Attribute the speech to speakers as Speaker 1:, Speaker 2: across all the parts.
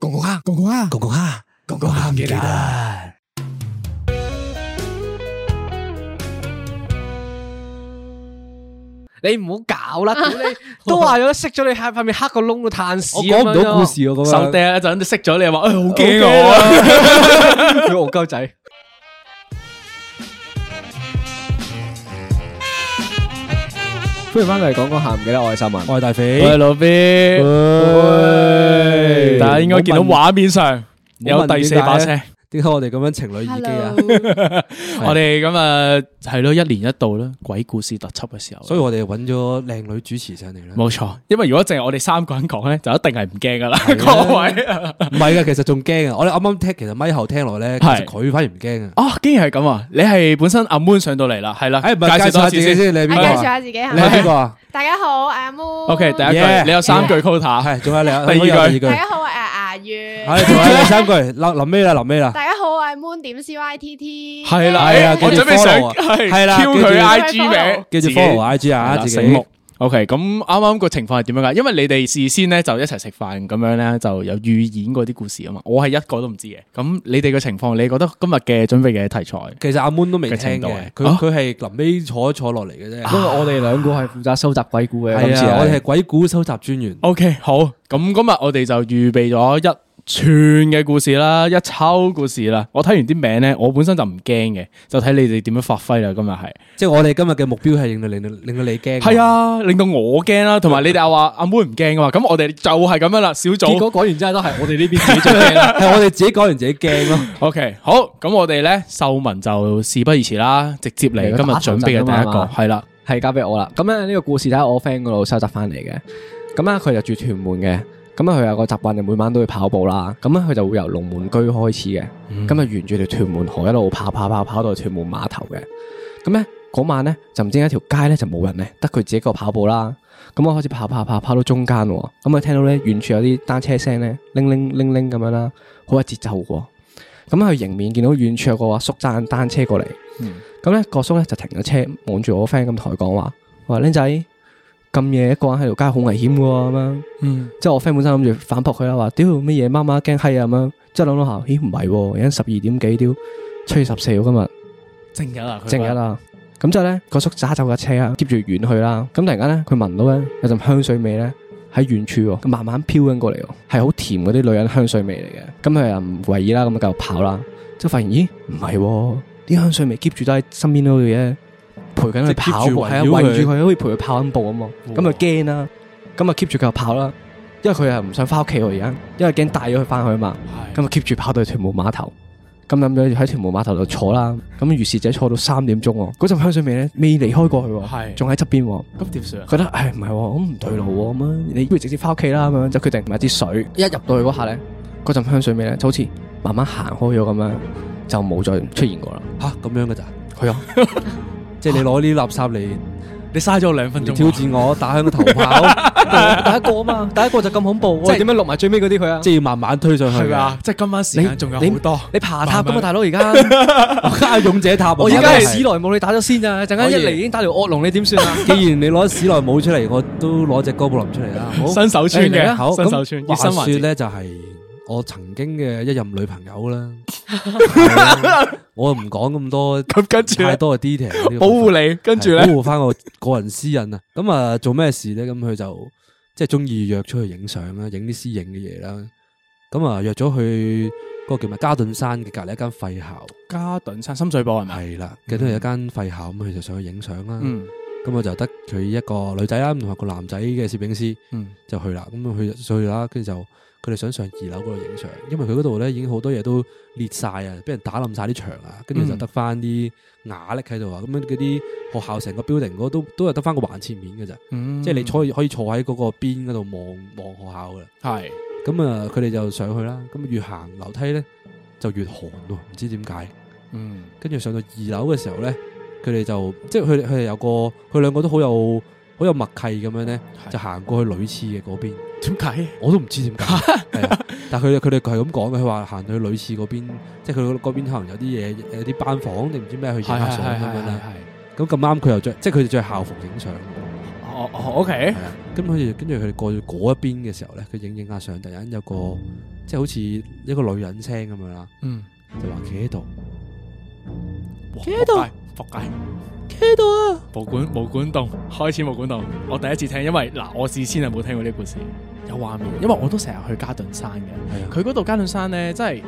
Speaker 1: 講講下，講講下，講講下，講講下唔記得。
Speaker 2: 你唔好搞啦，你都話咗識咗你，喺下面黑個窿度嘆笑講唔到故事咁樣咯。手嗲一陣都識咗你，話誒好驚我啊！憨鳩仔。歡迎翻嚟講講下唔記得，我係秀文，我係大肥，我係老 B。
Speaker 3: 大家應該見到畫面上
Speaker 4: 有第四把車。點解我哋咁樣情侶耳機啊，
Speaker 3: 我哋咁啊係咯，一年一度咧鬼故
Speaker 4: 事特輯嘅時候，所以我哋揾咗靚女主持上嚟啦。冇錯，
Speaker 3: 因為如果淨係我哋三個人講咧，就一定係唔驚噶啦。各位唔
Speaker 4: 係噶，其實仲驚啊！我哋啱啱聽，其實咪後聽
Speaker 3: 落咧，其實佢反而唔驚啊。哦，竟然係咁啊！你係本身阿 Moon 上到嚟啦，係啦，介紹下自
Speaker 4: 己先。你介紹下自己，你係邊個？大家
Speaker 5: 好，阿 Moon。
Speaker 4: OK，第
Speaker 3: 一句，你有三
Speaker 4: 句 quota，係仲有你第二句。大家好
Speaker 5: 係 仲有，第三句，臨臨尾啦，臨尾啦。大家好，我係 Moon 點 C Y T T。係啦係啦，記住 follow，係啦，跟住 I G 名，
Speaker 3: 記住 follow I G 啊，醒目。OK，咁啱啱個情況係點樣噶？因為你哋事先咧就一齊食飯咁樣咧，就有預演嗰啲故事啊嘛。我係一個都唔知嘅。咁你哋嘅情況，你覺得今日嘅準備嘅題材？
Speaker 4: 其實阿 Moon 都未聽到嘅，佢佢係臨尾坐一坐落嚟嘅啫。啊、因
Speaker 2: 為我哋兩個係負責收集鬼故
Speaker 3: 嘅，係啊，啊，我哋係
Speaker 4: 鬼故收集專員。
Speaker 3: OK，好。咁今日我哋就預備咗一。串嘅故事啦，一抽故事啦，我睇完啲名咧，我本身就唔驚嘅，就睇你哋點樣發揮啦。今日係，
Speaker 4: 即係我哋今日嘅目標係令到令到令到你驚，係
Speaker 3: 啊，令到我驚啦，同埋你哋又話阿妹唔驚啊嘛，咁我哋就係咁樣啦。小組結果
Speaker 2: 講完真係都係我哋呢邊自己最驚，
Speaker 3: 係我哋自己講完自己驚咯。OK，好，咁我哋咧秀文就事不宜遲啦，直接嚟今日準備嘅第一個
Speaker 2: 係啦，係交俾我啦。咁咧呢個故事喺我 friend 嗰度收集翻嚟嘅，咁啊佢就住屯門嘅。咁啊，佢有個習慣就每晚都會跑步啦。咁咧，佢就會由龍門居開始嘅。咁啊，沿住條屯門河一路跑跑跑，跑到屯門碼頭嘅。咁咧，嗰晚咧就唔知一條街咧就冇人咧，得佢自己個跑步啦。咁我開始跑跑跑，跑到中間，咁啊聽到咧遠處有啲單車聲咧，鈴鈴鈴鈴咁樣啦，好有節奏嘅。咁佢迎面見到遠處有個阿叔揸緊單車過嚟。咁咧個叔咧就停咗車望住我 friend 咁台講話，我話靚仔。咁夜一個人喺條街好危險喎咁樣，嗯、嗎即係我 friend 本身諗住反駁佢啦，話屌乜嘢媽媽驚閪啊咁樣，即係諗諗下，咦唔係，而家十二點幾屌七月十四號今日
Speaker 3: 正日啊正日啊。
Speaker 2: 咁、啊啊、即係咧個叔揸走架車啦，接住遠去啦，咁突然間咧佢聞到咧有陣香水味咧喺遠處，慢慢飄緊過嚟，係好甜嗰啲女人香水味嚟嘅，咁佢又唔為意啦，咁就跑啦，之後發現咦唔係，啲香水味 keep 住都喺身邊嗰度嘅。陪緊佢跑，係啊，圍住佢可以陪佢跑緊步啊嘛，咁啊驚啦，咁啊 keep 住佢又跑啦，因為佢又唔想翻屋企喎而家，因為驚帶咗佢翻去啊嘛，咁啊 keep 住跑到去屯門碼頭，咁諗住喺屯門碼頭度坐啦，咁於是者坐到三點鐘哦，嗰陣香水味咧未離開過去喎，仲喺側邊，咁點算啊？覺得唉唔係，我唔對路咁啊，你不如直接翻屋企啦咁樣，就決定買支水，一入到去嗰下咧，嗰陣香水味咧就好似慢慢行開咗咁樣，就冇再出現過啦，吓咁樣噶咋？係啊。即係你攞呢啲垃圾
Speaker 4: 嚟，你嘥咗我兩分鐘。挑戰我，打響個頭炮，
Speaker 2: 第一個啊嘛，第一個就
Speaker 4: 咁恐怖，即係點樣落埋最尾嗰啲佢啊？即係要慢慢推上去啊！即
Speaker 2: 係今晚時間仲有好多，你爬塔咁嘛，大佬而家，
Speaker 4: 我而家係勇者塔，我而家係史
Speaker 2: 萊姆，你打咗先啊！一陣間一嚟已經打條惡龍，你點算啊？
Speaker 4: 既然你攞史萊姆出嚟，我都攞隻哥布林出嚟啦。新手村嘅，好，新手村。話說咧就係。我曾經嘅一任女朋友啦、 啊，我又唔講咁多，咁 跟住咧呢，太多 detail，保護你，跟住咧，保護翻我個人私隱啊！咁 啊，做咩事咧？咁佢就即係中意約出去影相啦，影啲私影嘅嘢啦。咁啊，約咗去嗰、那個叫咩？嘉頓山嘅隔籬一間廢校，嘉頓山深水埗係咪？係啦，記得係一間廢校，咁佢就上去影相啦。嗯咁我就得佢一個女仔啦，啊，同埋個男仔嘅攝影師就去啦。咁佢，嗯、去咗啦，跟住就佢哋想上二樓嗰度影相，因為佢嗰度咧已經好多嘢都裂晒啊，俾人打冧晒啲牆啊。跟住就得翻啲瓦礫喺度啊。咁樣嗰啲學校成個 building 都都係得翻個橫切面嘅咋，嗯，即係你坐可以坐喺嗰個邊嗰度望望學校噶。係咁啊，佢哋，呃、就上去啦。咁越行樓梯咧就越寒咯，唔知點解。嗯，跟住上到二樓嘅時候咧。佢哋就即係佢佢哋有個佢兩個都好有好有默契咁樣咧，就行過去女廁嘅嗰邊。點解？我都唔知點解、 啊。但係佢佢哋係咁講嘅，佢話行去女廁嗰邊，即係佢嗰邊可能有啲嘢，有啲班房定唔知咩去影下相咁樣啦。咁咁啱佢又着，即係佢哋着校服影相。哦哦，O K。係啊，咁佢哋跟住佢哋過嗰一邊嘅時候咧，佢影影下相，突然間有個即係好似一個女人聲咁樣啦。嗯，就話企喺度，
Speaker 3: 企
Speaker 1: 喺度。
Speaker 4: 仆街，度啊！冇
Speaker 3: 管冇管動，開始冇管動。我第一次聽，因為嗱，我事先係冇聽過呢個故事，有畫面。因為我都成日去嘉頓山嘅，佢嗰度嘉頓山咧，真係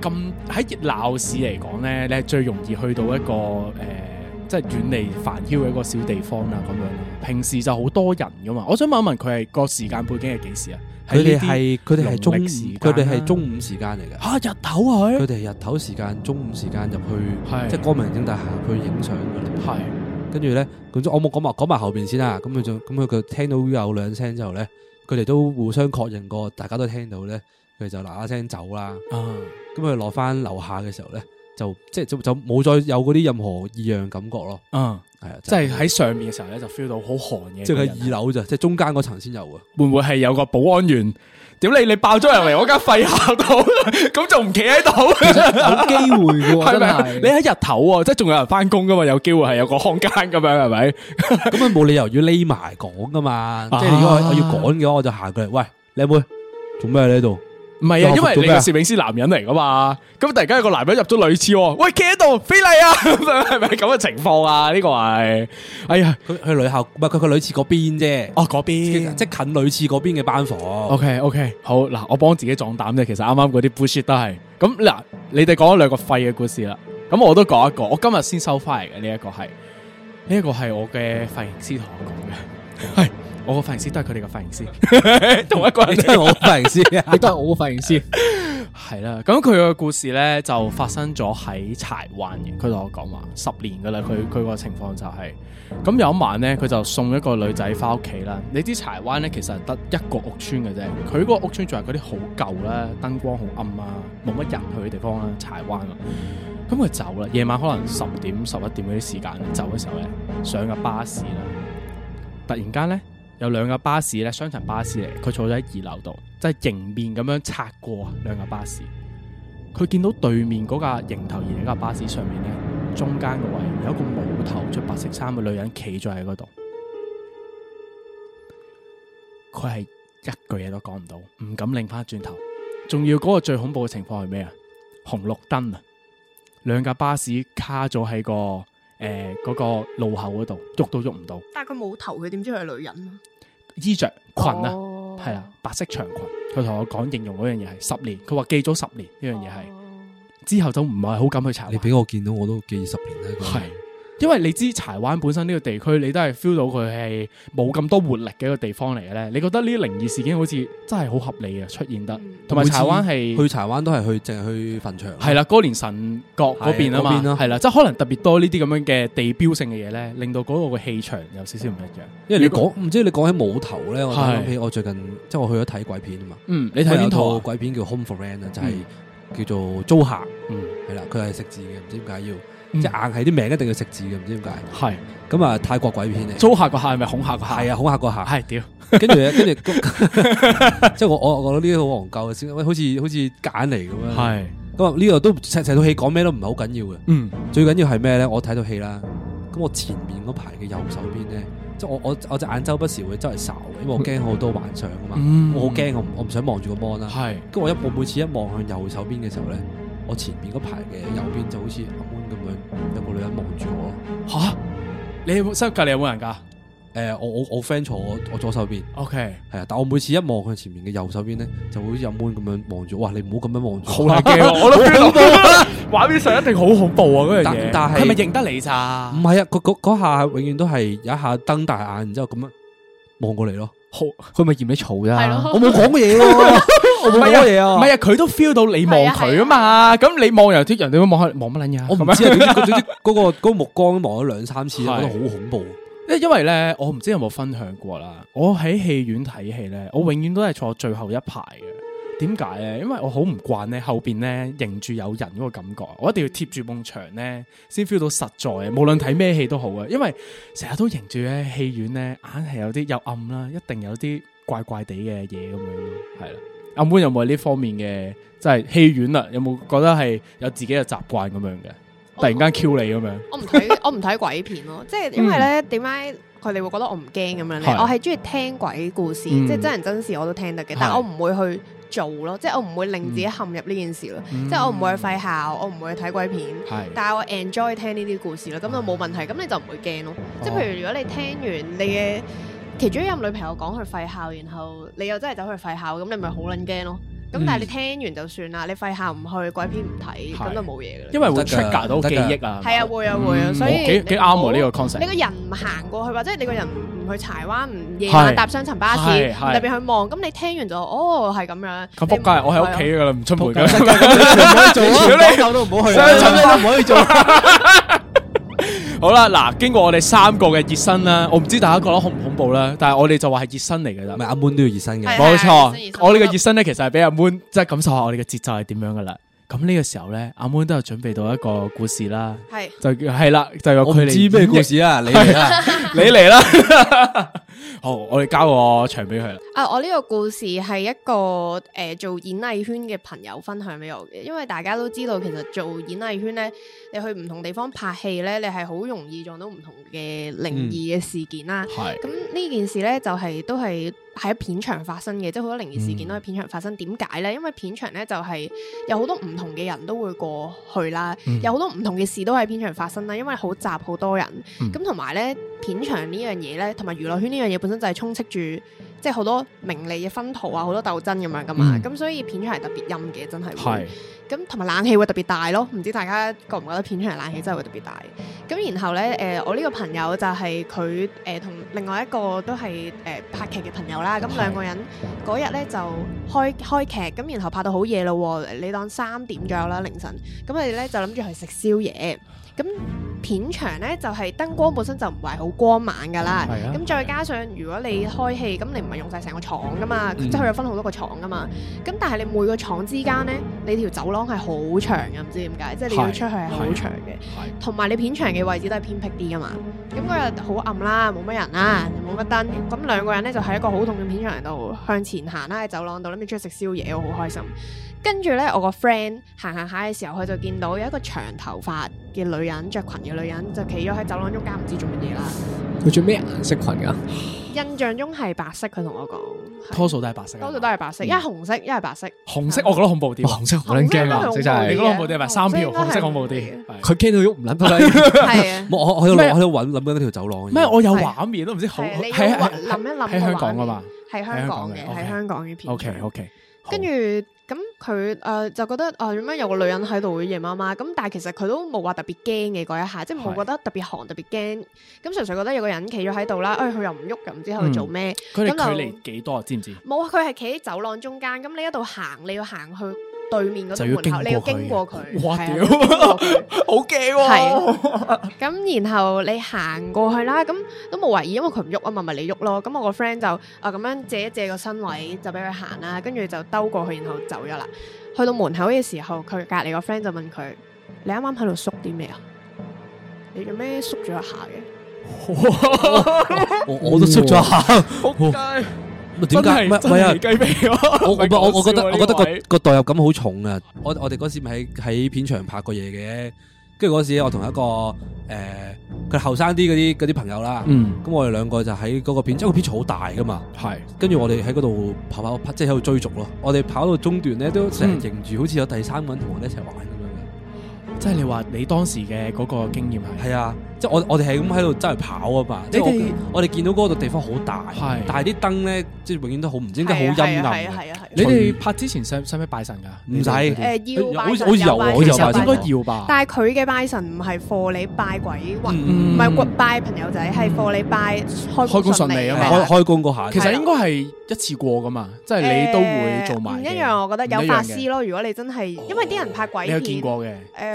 Speaker 3: 咁喺熱鬧市嚟講咧，你係最容易去到一個誒。呃即係遠離繁囂嘅一個小地方啦，咁樣。平時就好多人噶嘛，我想問一問佢係個時間背景係幾時啊？佢哋係佢哋係中午，佢哋係中
Speaker 4: 午時間嚟嘅。啊，日頭去？佢哋日頭時間、中午時間入去，的即係光明正大入去影相噶啦。係的，跟住咧，咁我冇講埋講埋後邊先啦。咁佢就，咁佢聽到有兩聲之後咧，佢哋都互相確認過，大家都聽到咧，佢哋就嗱嗱聲走啦。咁佢落返樓下嘅時候咧。就即係就就冇再有嗰啲任何異樣感覺咯。嗯，係啊，即係喺上面嘅時候咧，就 feel 到好寒嘅。即係二樓咋，即係中間嗰層先有啊。會唔會係有個保安
Speaker 3: 員？點 你你爆咗入嚟我間廢校度，咁 就唔企喺度，有機
Speaker 4: 會嘅。係你喺日頭啊，即係仲有人翻工噶嘛？有機會係有個空間咁樣，係咪？咁啊冇理由要匿埋講噶嘛。啊、即係如果我要趕嘅話，我就行過嚟。喂，靚妹，妹，做咩喺呢度？唔係啊，因為你係攝影師男人嚟噶嘛，咁突然間有個男人入咗女廁，喂，企喺度，非禮啊，係咪咁嘅情況啊？呢、這個係，哎呀，佢去女校，唔係佢個女廁嗰邊啫，哦嗰邊，即近女廁嗰邊嘅班房。
Speaker 3: OK OK，好嗱，我幫自己壯膽啫，其實啱啱嗰啲 bullshit 都係，咁嗱，你哋講咗兩個廢嘅故事啦，咁我都講一個，我今日先收翻嚟嘅呢一個係，呢、這、一個係我嘅髮型師同我講嘅，係。 我個髮型師都係佢哋個髮型師， 同一個人，都係我個髮型師，你都係我個髮型師。係啦，咁佢個故事咧就發生咗喺柴灣嘅。佢同我講話十年噶啦，佢佢個情況就係、是，咁有一晚咧，佢就送一個女仔翻屋企啦。你知柴灣咧，其實得一個屋村嘅啫。佢嗰個屋村仲係嗰啲好舊啦，燈光好暗啊，冇乜人去嘅地方啦，柴灣啊。咁佢走啦，夜晚可能十點十一點嗰啲時間走嘅時候咧，上個巴士啦，突然間咧。有兩架巴士咧，雙層巴士嚟，佢坐咗喺二樓度，即係迎面咁樣擦過啊！兩架巴士，佢見到對面嗰架迎頭而嚟架巴士上面咧，中間嗰位有一個冇頭着白色衫嘅女人企咗喺嗰度，佢係一句嘢都講唔到，唔敢擰翻轉頭。仲要嗰個最恐怖嘅情況係咩啊？紅綠燈啊，兩架巴士卡咗喺個。誒，嗰、呃嗰個路口嗰度捉都捉唔到，
Speaker 5: 但係佢冇頭嘅，點知佢係女人？
Speaker 3: 衣着裙啊，係啊、哦，白色長裙。佢同我講形容嗰樣嘢係十年，佢話記咗十年呢樣嘢係，哦、之後就
Speaker 4: 唔係好敢去查。你俾我見到我都記十年啦，係、那個。
Speaker 3: 因為你知柴灣本身呢個地區，你都係 feel 到佢係冇咁多活力嘅一個地方嚟嘅咧。你覺得呢啲靈異事件好似真係好合理嘅出現得，同埋柴灣係去柴灣都係去淨係去墳場。係啦，歌連臣角嗰邊啊嘛，係啦，即係、啊、可能特別多呢啲咁樣嘅地標性嘅嘢咧，令到嗰個嘅氣
Speaker 4: 場有少少唔一樣。因為你講唔知你講起墓頭咧，我諗起的我最近即係我去咗睇鬼片啊嘛。嗯，你睇呢套鬼片叫 Home for Rent 啊？Friend, 就係叫做租客。嗯，係啦、嗯，佢係食字嘅，唔知點解要。嗯、即硬係啲名一定要食字嘅，唔知點解。係咁啊！泰國鬼片嚟，租客個客係咪恐嚇個客？係啊， 恐嚇個客。係屌，跟住跟住，即我我我覺得呢啲好憨鳩嘅先，好似好似揀嚟咁樣。係咁啊！嗯、呢個都成套戲，講咩都唔係好緊要嘅。嗯，最緊要係咩咧？我睇到戲啦。咁我，我前面嗰排嘅右手邊咧，即我我我隻眼周不時會周圍睄，因為我驚好多幻想啊嘛。我好驚我唔想望住個 mon 啦。係是的 的。咁我一每次一望向右手邊嘅時候咧。我前面嗰排嘅右邊就好似阿 moon 咁樣，有個女人望住我。吓，你室隔籬有冇人噶？誒、呃，我我我 friend 坐我，我左手邊。O K，係啊，但我每次一望佢前面嘅右手邊咧，就好似阿 moon 咁樣望住。哇，你唔好咁樣望住我，好大驚，我都驚到， 怖 玩呢 V 場 一定好恐怖啊！嗰樣嘢，但係佢係咪認得你咋？唔係啊，嗰嗰下永遠都係有一下瞪大眼，然之後咁樣望過嚟咯。好，佢咪嫌你嘈啫。我冇講嘢咯，我冇講嘢啊。唔係啊，佢都 feel 到你望佢啊嘛。咁你望又脱，人
Speaker 3: 哋都望望乜撚嘢啊？我唔知啊。點 知嗰、嗰
Speaker 4: 個嗰、嗰個、目光望咗兩三次， 覺得好恐怖、
Speaker 3: 啊。因因為咧，我唔知有冇分享過啦。我喺戲院睇戲咧，我永遠都係坐最後一排嘅。點解咧？因為我好唔慣咧，後邊咧，迎住有人嗰個感覺，我一定要貼住埲牆咧，先 feel 到實在。無論睇咩戲都好啊，因為成日都迎住咧，戲院咧，硬係有啲有暗啦，一定有啲怪怪地嘅嘢咁樣咯，係啦。阿妹有冇呢方面嘅，即係戲院啊，有冇覺得係有自己嘅習慣咁樣嘅？突然間 Q 你咁樣，
Speaker 5: 我唔睇，我唔睇鬼片咯，即係 因為咧，點解佢哋會覺得我唔驚咁樣咧？嗯、我係中意聽鬼故事，的嗯、即係真人真事我都聽得嘅，但係我唔會去。做咯，即係我唔會令自己陷入呢件事咯，嗯、即係我唔會去廢校，我唔會去睇鬼片，的但係我 enjoy 聽呢啲故事咯，咁就冇問題，咁你就唔會驚咯。哦、即係譬如如果你聽完你嘅其中一任女朋友講佢廢校，然後你又真係走去廢校，咁你咪好撚驚咯。咁但係你聽完就算啦，你廢下唔去鬼片唔睇，咁就冇嘢嘅
Speaker 4: 啦。因為會 trigger 到記憶啊。
Speaker 5: 係啊，會啊會啊，所以幾幾啱喎呢個 concept。你個人唔行過去，或者你個人唔去柴灣，唔夜晚搭雙層巴士特別去望，咁你聽完就哦係咁樣。咁仆街，我喺屋企㗎啦，唔出門嘅，唔可以做，全部都唔好去，做咩都唔可以做。
Speaker 3: 好啦，嗱，經過我哋三個嘅熱身啦，我唔知道大家覺得恐唔恐怖啦，但係我哋就話係熱身嚟嘅啦，唔係阿 Moon 都要熱身嘅，冇錯，我哋嘅熱身咧，其實係俾阿 Moon 即係感受下我哋嘅節奏係點樣嘅啦。咁呢個時候呢，阿 Moon 都有準備到一個故事啦，係是就係啦，就由佢嚟。知咩故事啊？你嚟啦，藝你嚟啦。好，我哋交個場俾佢啦。
Speaker 5: 啊，我呢個故事係一個誒、呃、做演藝圈嘅朋友分享俾我嘅，因為大家都知道，其實做演藝圈呢，你去唔同地方拍戲呢，你係好容易撞到唔同嘅靈異嘅事件啦。係咁呢件事呢，就係、是、都係。喺片場發生嘅，即係好多靈異事件都喺片場發生。點解、嗯、呢？因為片場呢，就係有好多唔同嘅人都會過去啦，嗯、有好多唔同嘅事都喺片場發生啦。因為好雜，好多人。咁同埋呢，片場呢樣嘢呢，同埋娛樂圈呢樣嘢本身就係充斥住，即係好多名利嘅薰陶啊，好多鬥爭咁樣噶嘛。咁、嗯、所以片場係特別陰嘅，真係。咁同埋冷氣會特別大咯，唔知大家覺唔覺得片場嘅冷氣真係會特別大？咁然後咧，誒、呃、我呢個朋友就係佢誒同另外一個都係誒、呃、拍劇嘅朋友啦。咁兩個人嗰日咧就開開劇，咁然後拍到好夜咯，你當三點左右啦，凌晨。咁佢哋咧就諗住去食宵夜。咁片場咧就係、是、燈光本身就唔係好光猛噶啦，咁、嗯啊、再加上如果你開戲，咁你唔係用晒成個廠噶嘛，即係佢有分好多個廠噶嘛。咁但係你每個廠之間咧，你條走廊係好長嘅，唔知點解，即係你要出去係好長嘅，同埋你片場嘅位置都係偏僻啲噶嘛。咁嗰日好暗啦，冇乜人啦，冇乜燈。咁兩個人咧就喺一個好凍嘅片場度向前行啦，喺走廊度諗住出去食宵夜，我好開心。跟住呢，我個 friend 行行下嘅時候，佢就見到有一個長頭髮嘅女人，着裙嘅女人，就企咗喺走廊中間，唔知做乜嘢啦。
Speaker 2: 佢着咩顏色裙噶？
Speaker 5: 印象中係白色，佢同我講，
Speaker 2: 多數都係白
Speaker 3: 色，
Speaker 5: 多數都係白色，一係紅色，一係白色。
Speaker 4: 紅色我覺得恐怖啲，紅色好卵驚啊！你覺得恐怖啲係咪三票？紅色恐怖啲，佢驚到郁唔卵得。係啊，我喺度諗，喺度搵諗緊一條走廊。咩？我有
Speaker 5: 畫
Speaker 3: 面都唔知好係諗一諗喺香港啊嘛，係香港嘅，喺香港
Speaker 4: 嘅
Speaker 2: 片。OK，OK，
Speaker 5: 跟住。佢誒、呃、就覺得啊，點、呃、樣有個女人喺度嘅夜媽媽咁，但係其實佢都冇話特別驚嘅嗰一下，即係冇覺得特別寒、特別驚。咁純粹覺得有個人企咗喺度啦，誒、哎，佢又唔喐，又唔知喺度做咩。佢哋、嗯、就距離
Speaker 3: 幾多？知唔知？
Speaker 5: 冇，佢係企喺走廊中間。咁你一路行，你要行去。對面門口，你要經過佢。哇屌，好驚喎！係，咁然後你行過去啦，咁都冇懷疑，因為佢唔喐啊嘛，咪你喐咯。咁我個 friend 就啊咁樣借一借個身位，就俾佢行啦。跟住就兜過去，然後走咗啦。去到門口嘅時候，佢隔籬個 friend 就問佢：你啱啱喺度縮啲咩啊？你做咩縮咗一下嘅？我我都縮咗一下，唔點解唔係啊？我我覺得我覺得個個
Speaker 4: 代入感好重啊我！我我哋嗰時咪喺喺片場拍過嘢嘅，跟住嗰時我同一個誒佢後生啲嗰啲啲朋友啦，咁、嗯、我哋兩個就喺嗰個片，因為個片場好大噶嘛，係，跟住我哋喺嗰度跑跑即係喺度追逐咯，我哋跑到中段咧都成日認住，好似有第三個人同我哋一齊玩。嗯即係你話你當時嘅，嗰個經驗係係啊，即係我我哋係咁喺度周圍跑啊嘛。即我哋見到嗰個地方好大，但係啲燈咧即係永遠都好唔知，應該好陰暗。你哋拍之前使使唔使拜神噶？唔使誒，要拜神嘅。我有我有，應該要
Speaker 5: 吧。但係佢嘅拜神唔係賀你拜鬼，唔係拜朋友仔，係賀你拜開開工順利啊！開
Speaker 3: 開工嗰下，其實應該係一次過㗎嘛。即係你都會做埋。唔一樣，我覺得有法師
Speaker 5: 咯。如果你真係因為啲人拍鬼片，你有見過嘅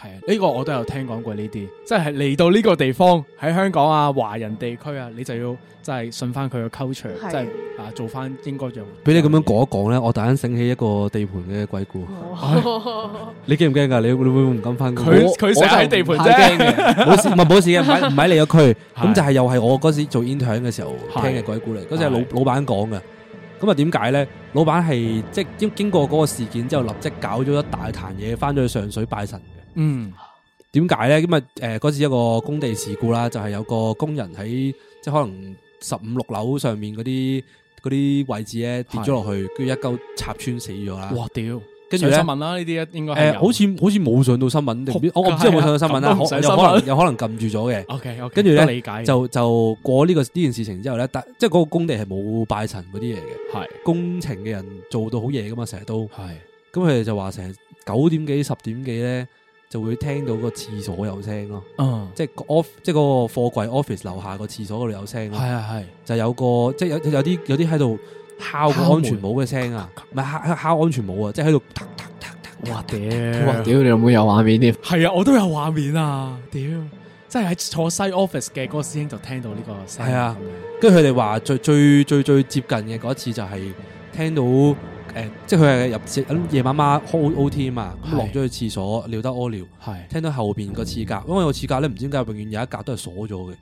Speaker 3: 係啊，呢個我都有聽講過呢啲，即係嚟到呢個地方喺香港啊華人地區啊，你就要真係即係信翻佢嘅 culture，即係啊做翻應該樣說
Speaker 4: 說。俾你咁樣講一講咧，我突然醒起一個地盤嘅鬼故。你驚唔驚噶？你記記你會唔敢翻？佢佢喺地盤啫，冇 事唔係冇事嘅，唔喺你個區。咁 就係又係我嗰時做 intern 嘅時候聽嘅鬼故嚟。嗰的時係老老闆講噶。咁啊點解咧？老闆係即係經過嗰個事件之後，立即搞咗一大壇嘢，翻咗去上水拜神。嗯，點解咧？咁啊，誒，嗰時一個工地事故啦，就係有個工人喺即係可能十五六樓上面嗰啲啲位置咧，跌咗落去，跟住一舊插穿死咗啦。哇屌！跟住咧新聞啦，呢啲應該係，好似好似冇上到新聞定？我唔知有冇上到新聞啦，有可能有可能撳住咗嘅。OK，跟住咧就就過呢個呢件事情之後咧，但即係嗰個工地係冇拜神嗰啲嘢嘅，係工程嘅人做到好夜噶嘛，成日都係。咁佢哋就話成日九點幾、十點幾咧。就會聽到個廁所有聲咯，嗯，即係 off，即係個貨櫃 office 樓下個廁所度有聲咯，係係係，就有個即係有有啲有啲喺度敲安全帽嘅聲啊，唔係敲安全帽啊，即係喺度，我屌，我屌你有冇有畫面添？係啊，我都有畫面啊，屌，
Speaker 3: 即係喺坐西 office 嘅嗰個師兄就聽到
Speaker 4: 呢個聲，係啊，跟住佢哋話最最最最接近嘅嗰次就係聽到。即係佢係入夜晚晚開 O T 啊，落咗去廁所尿得屙尿，聽到後邊個廁格，因為個廁格咧唔知點解永遠有一格都係鎖咗嘅，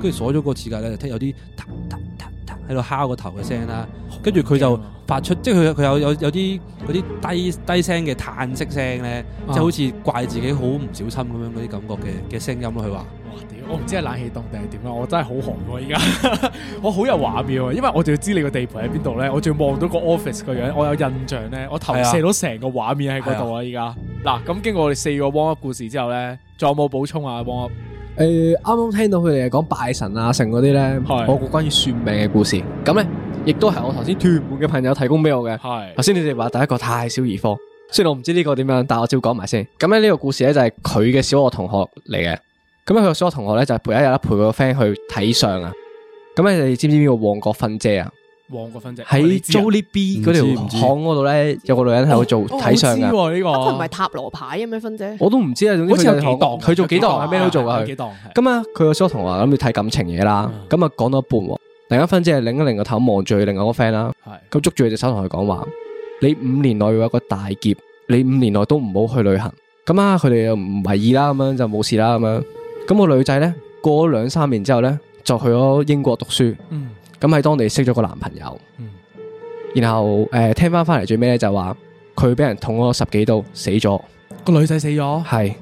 Speaker 4: 跟住鎖咗個廁格咧，聽有啲喺度敲個頭嘅聲啦，跟住佢就發出，即係佢佢有有有啲啲低低聲嘅嘆息聲咧，即係好似怪自己好唔小心咁樣嗰啲感覺嘅嘅聲音，佢話。
Speaker 3: 我唔知係冷氣凍定係點啦，我真係好寒喎！依家我好有畫面、啊，因為我仲要知你個地盤喺邊度咧，我仲要望到個 office 個樣，我有印象咧，我投射到成個畫面喺嗰度啊！依家嗱，咁經過我哋四個汪 u 故事之後咧，
Speaker 2: 仲有冇補充啊、呃？汪 u 啱啱聽到佢哋講拜神啊、神嗰啲咧，是我個關於算命嘅故事，咁咧亦都係我頭先脱門嘅朋友提供俾我嘅。係頭先你哋話第一個太小兒科，雖然我唔知呢個點樣，但我照講埋先。咁咧呢個故事咧就係佢嘅小學同學嚟嘅。咁啊！佢個小學同學咧就陪一日啦，陪佢個 friend 去睇相啊！咁你哋知唔知邊個旺角芬姐啊？旺
Speaker 3: 角芬姐喺 Jollibee 嗰條巷
Speaker 2: 嗰度咧，有個女人喺度做睇相啊！呢個佢唔
Speaker 5: 係塔羅牌啊？咩芬姐？我
Speaker 2: 都唔知啊！總之佢做幾佢做幾檔係咩都做噶。幾檔咁啊！佢個小學同學諗住睇感情嘢啦，咁啊講到一半，突然間芬姐係擰一擰個頭望住佢另外一個 friend 啦，咁捉住佢隻手同佢講話：你五年內有一個大劫，你五年內都唔好去旅行。咁啊，佢哋又唔為意啦，咁樣就冇事啦，咁樣。咁個女仔咧，過咗兩三年之後咧，就去咗英國讀書。咁喺、嗯、當地識咗個男朋友，嗯、然後誒、呃、聽翻翻嚟，最尾咧就話佢俾人捅咗十幾刀死咗。個女仔死咗，係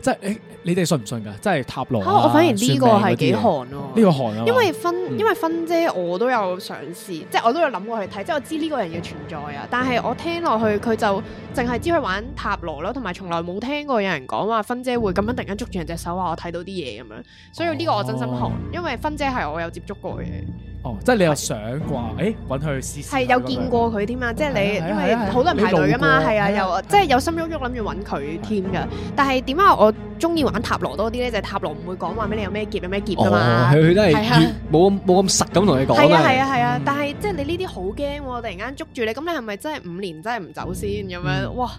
Speaker 5: 即係誒。
Speaker 3: 你哋信唔信噶？真係塔羅、啊哦、我反而呢個係幾寒喎。呢個寒啊！因為
Speaker 5: 芬因為芬姐我都有嘗試，嗯、即係我都有諗過去睇，即係我知呢個人嘅存在啊。但係我聽落去佢就淨係知佢玩塔羅咯，同埋從來冇聽過有人講話芬姐會咁樣突然間捉住人隻手話我睇到啲嘢咁樣。所以呢個我真心寒，哦、因為芬姐係我有接觸過嘅。
Speaker 3: 哦，即係你又想啩？誒，搵佢試試，係有見過
Speaker 5: 佢添嘛？即係你因為好多人排隊噶嘛，係啊，又即係有心喐喐諗住搵佢添噶。但係點解我中意玩塔羅多啲咧？就係塔羅唔會講話俾你有咩劫有咩劫噶嘛？佢佢都係
Speaker 2: 冇咁冇咁實咁同你講。係啊係啊
Speaker 5: 係啊！但係即係你呢啲好驚喎！突然間捉住你，咁你係咪真係五年真係唔走先咁樣？哇！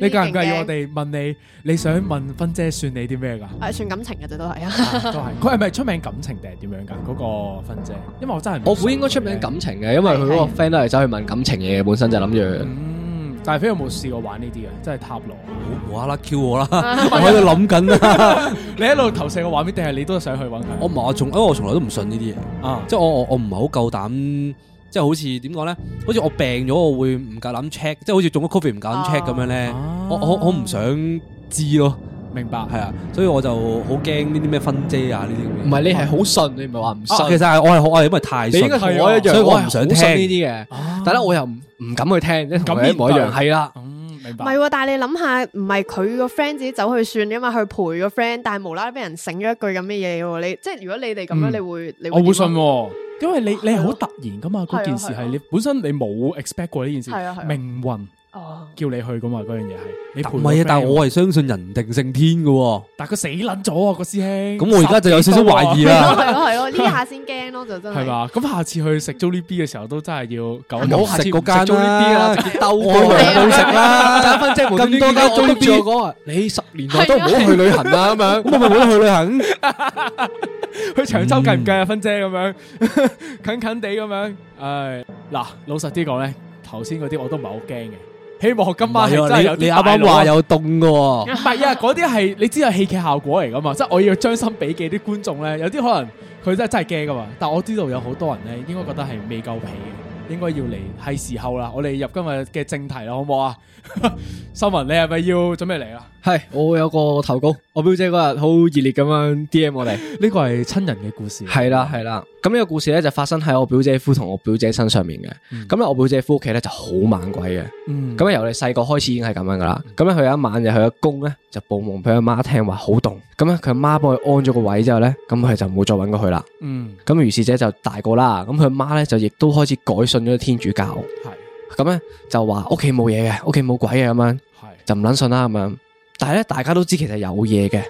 Speaker 5: 你介唔介意我哋
Speaker 3: 問你，你想問芬姐算你啲咩噶？誒、
Speaker 5: 啊，算感情嘅啫，都係 啊，都係。
Speaker 3: 佢係咪出名感情定係點樣噶？嗰、嗰個芬姐？因為我真係，我估應該出名感情
Speaker 2: 嘅，因為佢嗰個 friend 都係走去問感情嘢，的本身就諗住。嗯，但係
Speaker 3: 大肥有冇試過玩呢啲啊？真係塔羅，
Speaker 4: 冇啦啦，Q 我啦，我喺度諗緊啦。你一路投射個畫面，定係你都想去玩我？我唔，我從，因為我從來都唔信呢啲嘢啊，即係我我我唔係好夠膽。即係好似點講咧？好似我病咗，我會唔夠膽 check；即係好似中咗 COVID 唔夠膽 check 咁樣咧。我好我唔想知咯。明白，係啊，所以我就好驚呢啲咩分姐啊呢啲。唔係你係好信，你唔係話唔信。其實係我係我係因為太，你應該同我一樣，所以我唔想聽呢
Speaker 2: 啲嘅。但係我又唔敢去聽，你同你冇一樣。係啦，嗯，明
Speaker 5: 白。唔係，但係你諗下，唔係佢個 friend 自己走去算，因為佢陪個 friend，但係無啦啦俾人醒咗一句咁嘅嘢喎。你即係如果你哋咁樣，你會你我會信喎。因為你、啊、你係好突
Speaker 3: 然㗎嘛，嗰、啊、件事係、啊、你本身你冇 expect 過呢件事，啊啊、命運。叫你去噶嘛？嗰樣嘢係，唔係啊！但係我係
Speaker 4: 相信人定勝天噶。
Speaker 3: 但係佢死捻咗啊！個師兄，咁我而家就有少少懷疑啦。係咯係咯，呢下先驚咯，就真係。係嘛？
Speaker 4: 咁下次去食 Jolly B 嘅時候，都真係
Speaker 3: 要唔好食呢啲啦，直接兜過去都食啦。咁多間 Jolly B，我講啊，你十年內都唔好去旅行啦咁樣。咁咪冇得去旅行。
Speaker 2: 去長洲計唔計
Speaker 3: 啊？芬姐咁樣近近地咁樣。唉，嗱，老實啲講咧，頭先嗰啲我都唔係好驚嘅。希望今晚係你啱啱話有
Speaker 2: 凍嘅喎，
Speaker 3: 唔係啊，嗰啲係你知係戲劇效果嚟噶嘛，即係 我要將心比己啲觀眾咧，有啲可能佢真係真係驚噶嘛，但係我知道有好多人咧應該覺得係未夠皮嘅。應該要嚟，係時候啦。我哋入今日嘅正題啦，好唔好啊？ 秀文，你係咪要
Speaker 2: 準備嚟啦？係，我有個投稿。我表姐嗰日好熱烈咁樣 DM 我哋，呢個係親人嘅故事。係啦，係啦。咁呢個故事咧就發生喺我表姐夫同我表姐身上面嘅。咁啊，我表姐夫屋企咧就好猛鬼嘅。嗯。咁啊，由你細個開始已經係咁樣噶啦。咁咧，佢有一晚就佢阿公咧就報夢俾阿媽聽，話好凍。咁咧，佢阿媽幫佢安咗個位之後咧，咁佢就唔會再揾過佢啦。嗯。咁如是者就大個啦。咁佢阿媽咧就亦都開始改咗天主教，係咁咧就話屋企冇嘢嘅，屋企冇鬼嘅咁樣，係就唔捻信啦咁樣。但係咧，大家都知其實有嘢嘅，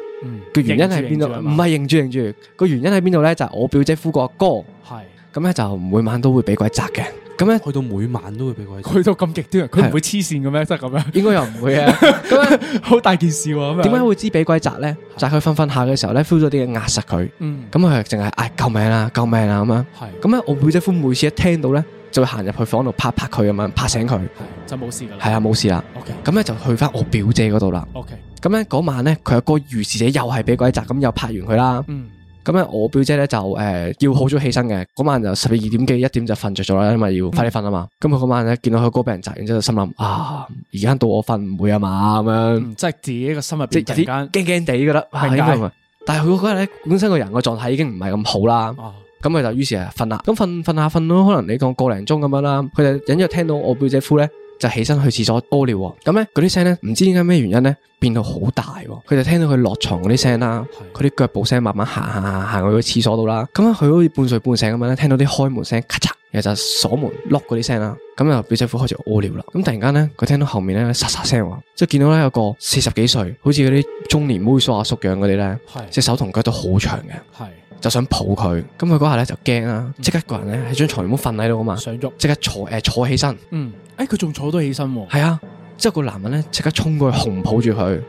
Speaker 1: 個原因係邊度？
Speaker 2: 唔係認住認住個原因喺邊度咧？就係我表姐夫個阿哥，係咁咧就每晚都會俾鬼壓嘅。咁咧去到每晚都會俾鬼，去到咁
Speaker 3: 極端，佢唔會黐線嘅咩？即係咁樣，應該又唔會啊。咁樣
Speaker 2: 好大件事喎。咁點解會知俾鬼壓咧？就係佢瞓瞓下嘅時候咧，feel 咗啲嘢壓實佢。咁佢淨係嗌救命啦，救命啦咁樣。係咁咧，我表姐夫每次一聽到咧。就行入去房度拍拍佢咁樣，拍醒佢，
Speaker 3: 就冇事噶啦。係啊，冇
Speaker 2: 事啦。OK，咁咧就去翻我表姐嗰度啦。OK，咁咧嗰晚咧，佢阿哥如是者又係俾鬼抓，咁又拍完佢啦。嗯，咁咧我表姐咧就誒、呃、要好早起身嘅，嗰晚就十二點幾一點就瞓着咗啦，因為要快啲瞓啊嘛。咁佢嗰晚咧見到佢阿哥俾人抓，然之後心諗啊，而家到我瞓唔會啊嘛咁樣，啊
Speaker 3: 啊、即係自己個心入邊
Speaker 2: 驚驚地覺得應該、啊，但係佢嗰日咧本身個人個狀態已經唔係咁好啦。啊啊咁佢就於是啊瞓啦，咁瞓瞓下瞓到可能你講個零鐘咁樣啦，佢就隱約聽到我表姐夫咧就起身去廁所屙尿，咁咧嗰啲聲咧唔知點解咩原因咧變到好大，佢就聽到佢落床嗰啲聲啦，佢啲腳步聲慢慢行行行行去個廁所度啦，咁啊佢好似半睡半醒咁樣咧，聽到啲開門聲咔嚓，然後就鎖門碌嗰啲聲啦，咁啊表姐夫開始屙尿啦，咁突然間咧佢聽到後面咧沙沙聲，即係見到咧有個四十幾歲，好似嗰啲中年妹叔阿、啊、叔樣嗰啲咧，即係隻手同腳都好長嘅。就想抱佢，咁佢嗰下咧就驚啦，即、嗯、刻一個人咧喺張床唔好瞓喺度啊嘛，即刻坐誒、嗯坐，呃、坐起身，嗯，誒佢
Speaker 3: 仲坐得起身、哦，
Speaker 2: 係啊，之後個男人咧即刻衝過去熊抱住佢，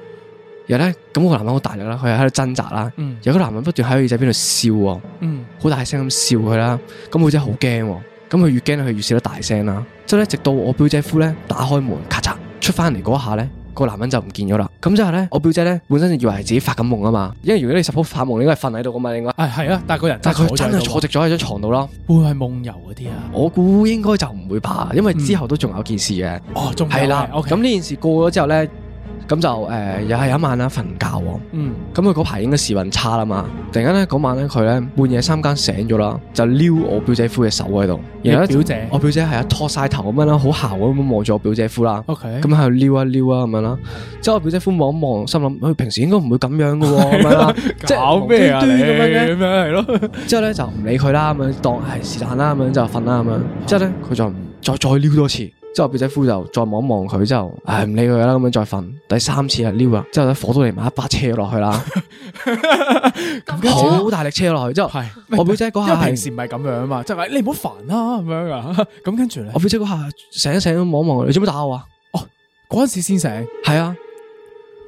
Speaker 2: 然後咧咁個男人好大力啦，佢又喺度掙扎啦，嗯、有個男人不斷喺佢耳仔邊度笑啊，嗯，好大聲咁笑佢啦，咁佢真係好驚，咁佢越驚佢越笑得大聲啦，之後咧直到我表姐夫咧打開門，咔嚓出翻嚟嗰下咧。個男人就唔見咗啦，咁之後咧，我表姐咧本身就以為係自己發緊夢啊嘛，因為如果你十鋪發夢，你應該瞓喺度噶嘛，應該，啊係啊，但係個人，但係佢真係坐直咗喺張床度咯，會係夢遊嗰啲啊？我估應該就唔會吧，因為之後都仲、嗯、有件事嘅，哦，仲係啦，okay，咁呢件事過咗之後咧。咁就誒，又係有一晚啦，瞓覺。嗯，咁佢嗰排應該時運差啦嘛。突然間咧，嗰晚咧，佢咧半夜三更醒咗啦，就撩我表姐夫嘅手喺度。然後咧，表姐，我表姐係一拖晒頭咁樣啦，好姣咁樣望住我表姐夫啦。OK。咁喺度撩一撩啊咁樣啦。之後我表姐夫望一望，心諗佢平時應該唔會咁樣嘅喎。咁樣啦，
Speaker 3: 即係咬咩啊咁樣嘅，
Speaker 2: 咁樣係咯。之後咧就唔理佢啦，咁樣當係是但啦，咁樣就瞓啦，咁樣。之後咧佢就再再撩多次。之後我表姐夫就再望一望佢，之後唉唔、哎、理佢啦咁樣再瞓。第三次係撩啦，之後火都嚟埋一巴車落去啦，好 這樣 大力車落去。之後我表姐嗰下，因為平時唔係
Speaker 3: 咁樣啊嘛，就係、是、你唔好煩啦咁樣啊。咁 跟住呢我表
Speaker 2: 姐嗰下醒一醒都望一望，你做乜打我啊？哦，嗰陣時先醒，係啊。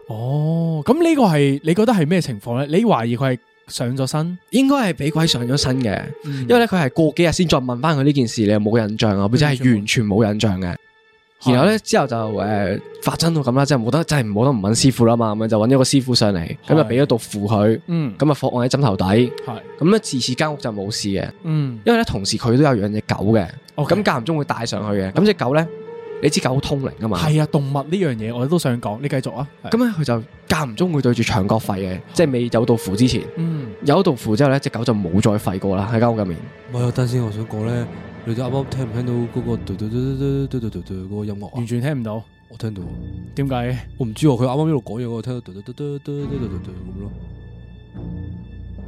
Speaker 2: 哦，咁呢個係你覺得係咩情況呢？你懷疑佢係？上咗身，應該係俾鬼上咗身嘅，因為咧佢係過幾日先再問翻佢呢件事，你又冇印象啊，或者係完全冇印象嘅。然後咧之後就誒發生到咁啦，即係冇得，真係冇得唔揾師傅啦嘛，咁就揾咗個師傅上嚟，咁就俾咗道符佢，咁就放我喺枕頭底，咁咧自此間屋就冇事嘅。嗯，因為咧同時佢都有養隻狗嘅，咁間唔中會帶上去嘅，咁隻狗咧。你知狗好通靈啊嘛？係啊，動物呢樣嘢我都想講，你繼續啊。咁咧佢就間唔中會對住牆角吠嘅，好即係未有道符之前。嗯，有道符之後咧，隻狗就冇再吠過啦，喺間屋入面。
Speaker 4: 唔係啊，但先我想講咧，你哋啱啱聽唔聽到嗰、嗰個嘟嘟嘟嘟嘟嘟嘟嗰個音樂？完全聽唔到。我聽到、那個。點、那、解、個？我唔知啊，佢啱啱喺度講嘢，我聽到嘟嘟嘟嘟嘟嘟嘟嘟咁咯。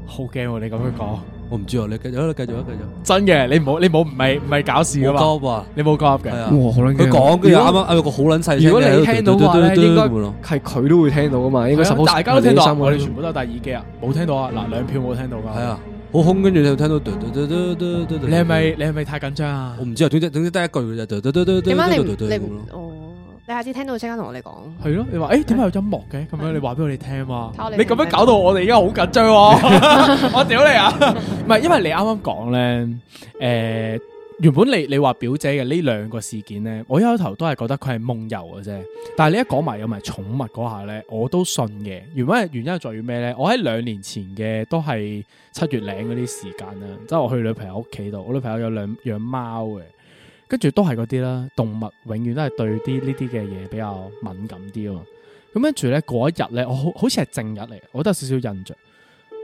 Speaker 4: 好驚你咁樣講，我唔知啊！你繼續啊，繼續啊，繼續。真嘅，你唔好你冇唔係唔係搞事噶嘛？你冇急嘅。佢講嘅啱啱，係個好撚細聲。如果你聽到嘅，應該係佢都會聽到噶嘛。應該大家都聽到。你全
Speaker 3: 部都戴耳機啊，冇聽到啊！嗱，兩票冇聽到噶。係
Speaker 4: 啊，好空，跟住你聽到嘟嘟嘟嘟嘟嘟。你係咪你係咪太緊張啊？我唔知啊，總之得一句。點解你你？
Speaker 5: 你下次聽到即刻同我哋講。
Speaker 4: 係咯，你話誒，點
Speaker 3: 解有音樂嘅，咁樣？你話俾我哋聽嘛？你咁樣搞到我哋而家好緊張喎！我屌你啊！唔係， 因為你啱啱講咧，誒、呃、原本你你話表姐嘅呢兩個事件咧，我一開頭都係覺得佢係夢遊嘅啫。但係你一講埋有埋寵物嗰下咧，我都信嘅。原本係原因係在於咩咧？我喺兩年前嘅都係七月領嗰啲時間啦，即係我去女朋友屋企度，我女朋友有兩養貓嘅。跟住都係嗰啲啦，動物永遠都係對啲呢啲嘅嘢比較敏感啲啊！咁跟住咧，嗰一日咧，我好好似係正日嚟，我都有少少印象。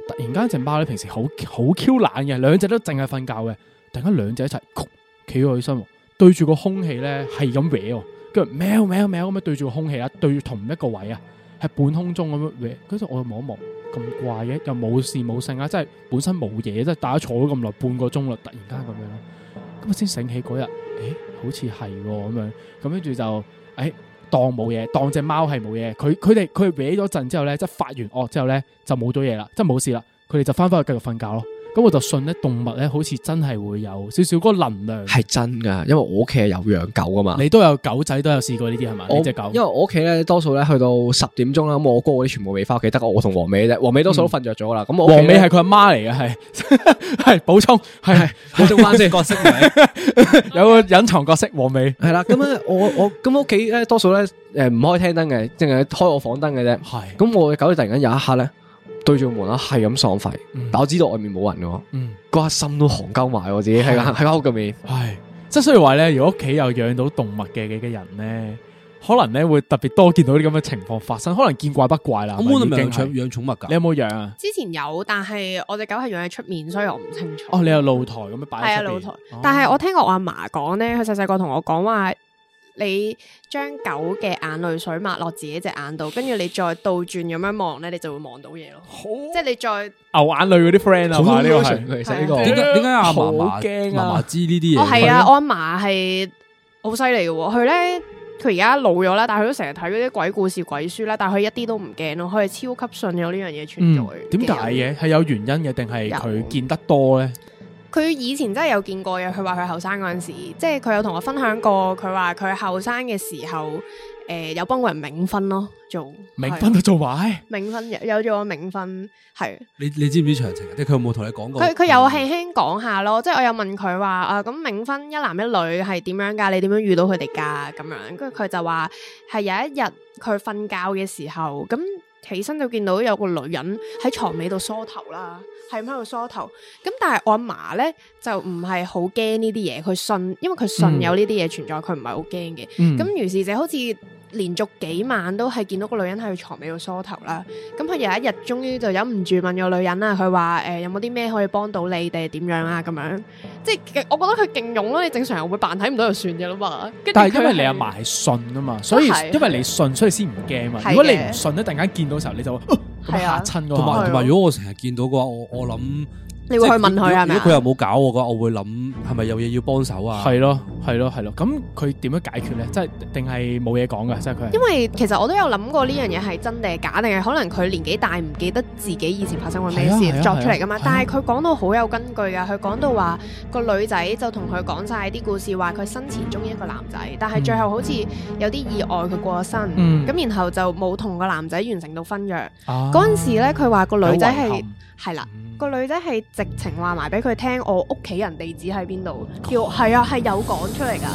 Speaker 3: 突然間一隻貓咧，平時好好 Q 懶嘅，兩隻都淨係瞓覺嘅，突然間兩隻一齊，曲企咗起身，對住個空氣咧係咁搲哦，跟住喵喵喵咁樣對住個空氣啦，對同一個位啊，喺半空中咁樣搲。嗰時我望一望，咁怪嘅，又冇事冇聲啊，即係本身冇嘢，即係大家坐咗咁耐半個鐘啦，突然間咁樣，咁我先醒起嗰日。誒，好似係咁樣，咁跟住就誒，當冇嘢，當隻貓係冇嘢，佢佢哋佢搲咗陣之後咧，即係發完惡之後咧，就冇咗嘢啦，即係冇事啦，佢哋就翻翻去繼續瞓覺咯。咁我就信咧，動物咧好似真係會有少少嗰個能量，
Speaker 2: 係真噶因為我屋企係有養狗噶嘛。你
Speaker 3: 都有狗仔，都有試過呢啲係嘛？呢
Speaker 2: 隻狗，因為我屋企咧，多數咧去到十點鐘啦，咁我哥嗰啲全部未翻屋企，得個我同黃尾啫。黃尾多數都瞓着咗啦。咁我黃尾係佢
Speaker 3: 阿媽嚟嘅，係
Speaker 2: 係補充，係係補充翻隻角色。有個隱藏角色黃尾係啦。咁咧，我我咁屋企咧，多數咧，誒唔開廳燈嘅，淨係開我房燈嘅啫。係咁，我嘅狗突然間有一刻咧。對住門啦、啊，係咁喪吠，嗯、但我知道外面冇人嘅。嗯，嗰下心都寒鳩埋，我自己喺喺屋入面。係、嗯，即係所以話咧，
Speaker 3: 如果屋企有養到動物嘅嘅人咧，可能咧會特別多見到啲咁嘅情況發生，可能見怪不怪啦。咁我哋養養寵物噶？你有冇養
Speaker 5: 啊？之前有，但係我隻狗係養喺出面，所以我唔清楚。
Speaker 3: 哦，你有露台咁樣擺喺度？係啊，露台，
Speaker 5: 但係我聽過我阿嫲講咧，佢細細個同我講話。你將狗嘅眼淚水抹落自己隻眼度，跟住你再倒轉咁樣望咧，你就會望到嘢咯。即係你再牛眼淚嗰啲 friend 啊
Speaker 3: 嘛，呢個係點解點解阿嫲好
Speaker 4: 驚阿嫲知呢啲嘢？哦係啊，我
Speaker 5: 阿嫲係好犀利嘅，佢咧佢而家老咗啦，但係佢都成日睇嗰啲鬼故事、鬼書啦，但係佢一啲都唔驚咯，佢係超級信有呢樣嘢存在。
Speaker 3: 點解嘅？係有原因嘅，定係佢見得多咧？
Speaker 5: 佢以前真係有見過嘅，佢話佢後生嗰陣時，即係佢有同我分享過，佢話佢後生嘅時候，誒、呃、有幫過人冥婚咯，做冥婚都做壞冥婚，有咗冥婚，係。
Speaker 4: 你你知唔知詳情啊？即係佢有冇同你講過？佢佢
Speaker 5: 有輕輕講下咯，即係我有問佢話啊，咁冥婚一男一女係點樣㗎？你點樣遇到佢哋㗎？咁樣，跟住佢就話係有一日佢瞓覺嘅時候咁。起身就見到有個女人喺床尾度梳頭啦，係咁喺度梳頭。咁但係我阿嫲咧就唔係好驚呢啲嘢，佢信，因為佢信有呢啲嘢存在，佢唔係好驚嘅。咁、嗯、於是就好似。連續幾晚都係見到個女人喺佢床尾度梳頭啦，咁佢有一日終於就忍唔住問個女人啦，佢話誒，有冇啲咩可以幫到你哋點樣啊？咁樣即係我覺得佢勁勇咯，你正常人會扮睇唔到就算嘅啦嘛。但係因為你
Speaker 3: 阿嫲係信啊嘛，所以是因為你信所以先唔驚嘛。如果你唔信咧，突然間見到時候你就嚇親。同埋同埋
Speaker 4: 如果我成日見到嘅話，我我諗。我
Speaker 5: 你會去問佢係咪？如果佢又
Speaker 4: 冇搞我嘅話，我，我會諗係咪有嘢要幫手啊？係咯，係咯，
Speaker 3: 係咯。咁佢點樣解決咧？即係定係冇嘢講噶？即係佢。因
Speaker 5: 為其實我都有諗過呢樣嘢係真定係的假，定係可能佢年紀大唔記得自己以前發生過咩事作出嚟噶嘛？但係佢講到好有根據噶，佢講的到話，個女仔就同佢講晒啲故事，話佢生前中意一個男仔，但係最後好似有啲意外佢過咗身。的的嗯，咁然後就冇同個男仔完成到婚約。嗰陣、啊、時咧，佢話個女仔係。係啦，個女仔係直情話埋俾佢聽，我屋企人地址喺邊度，叫係啊，係有講出嚟噶，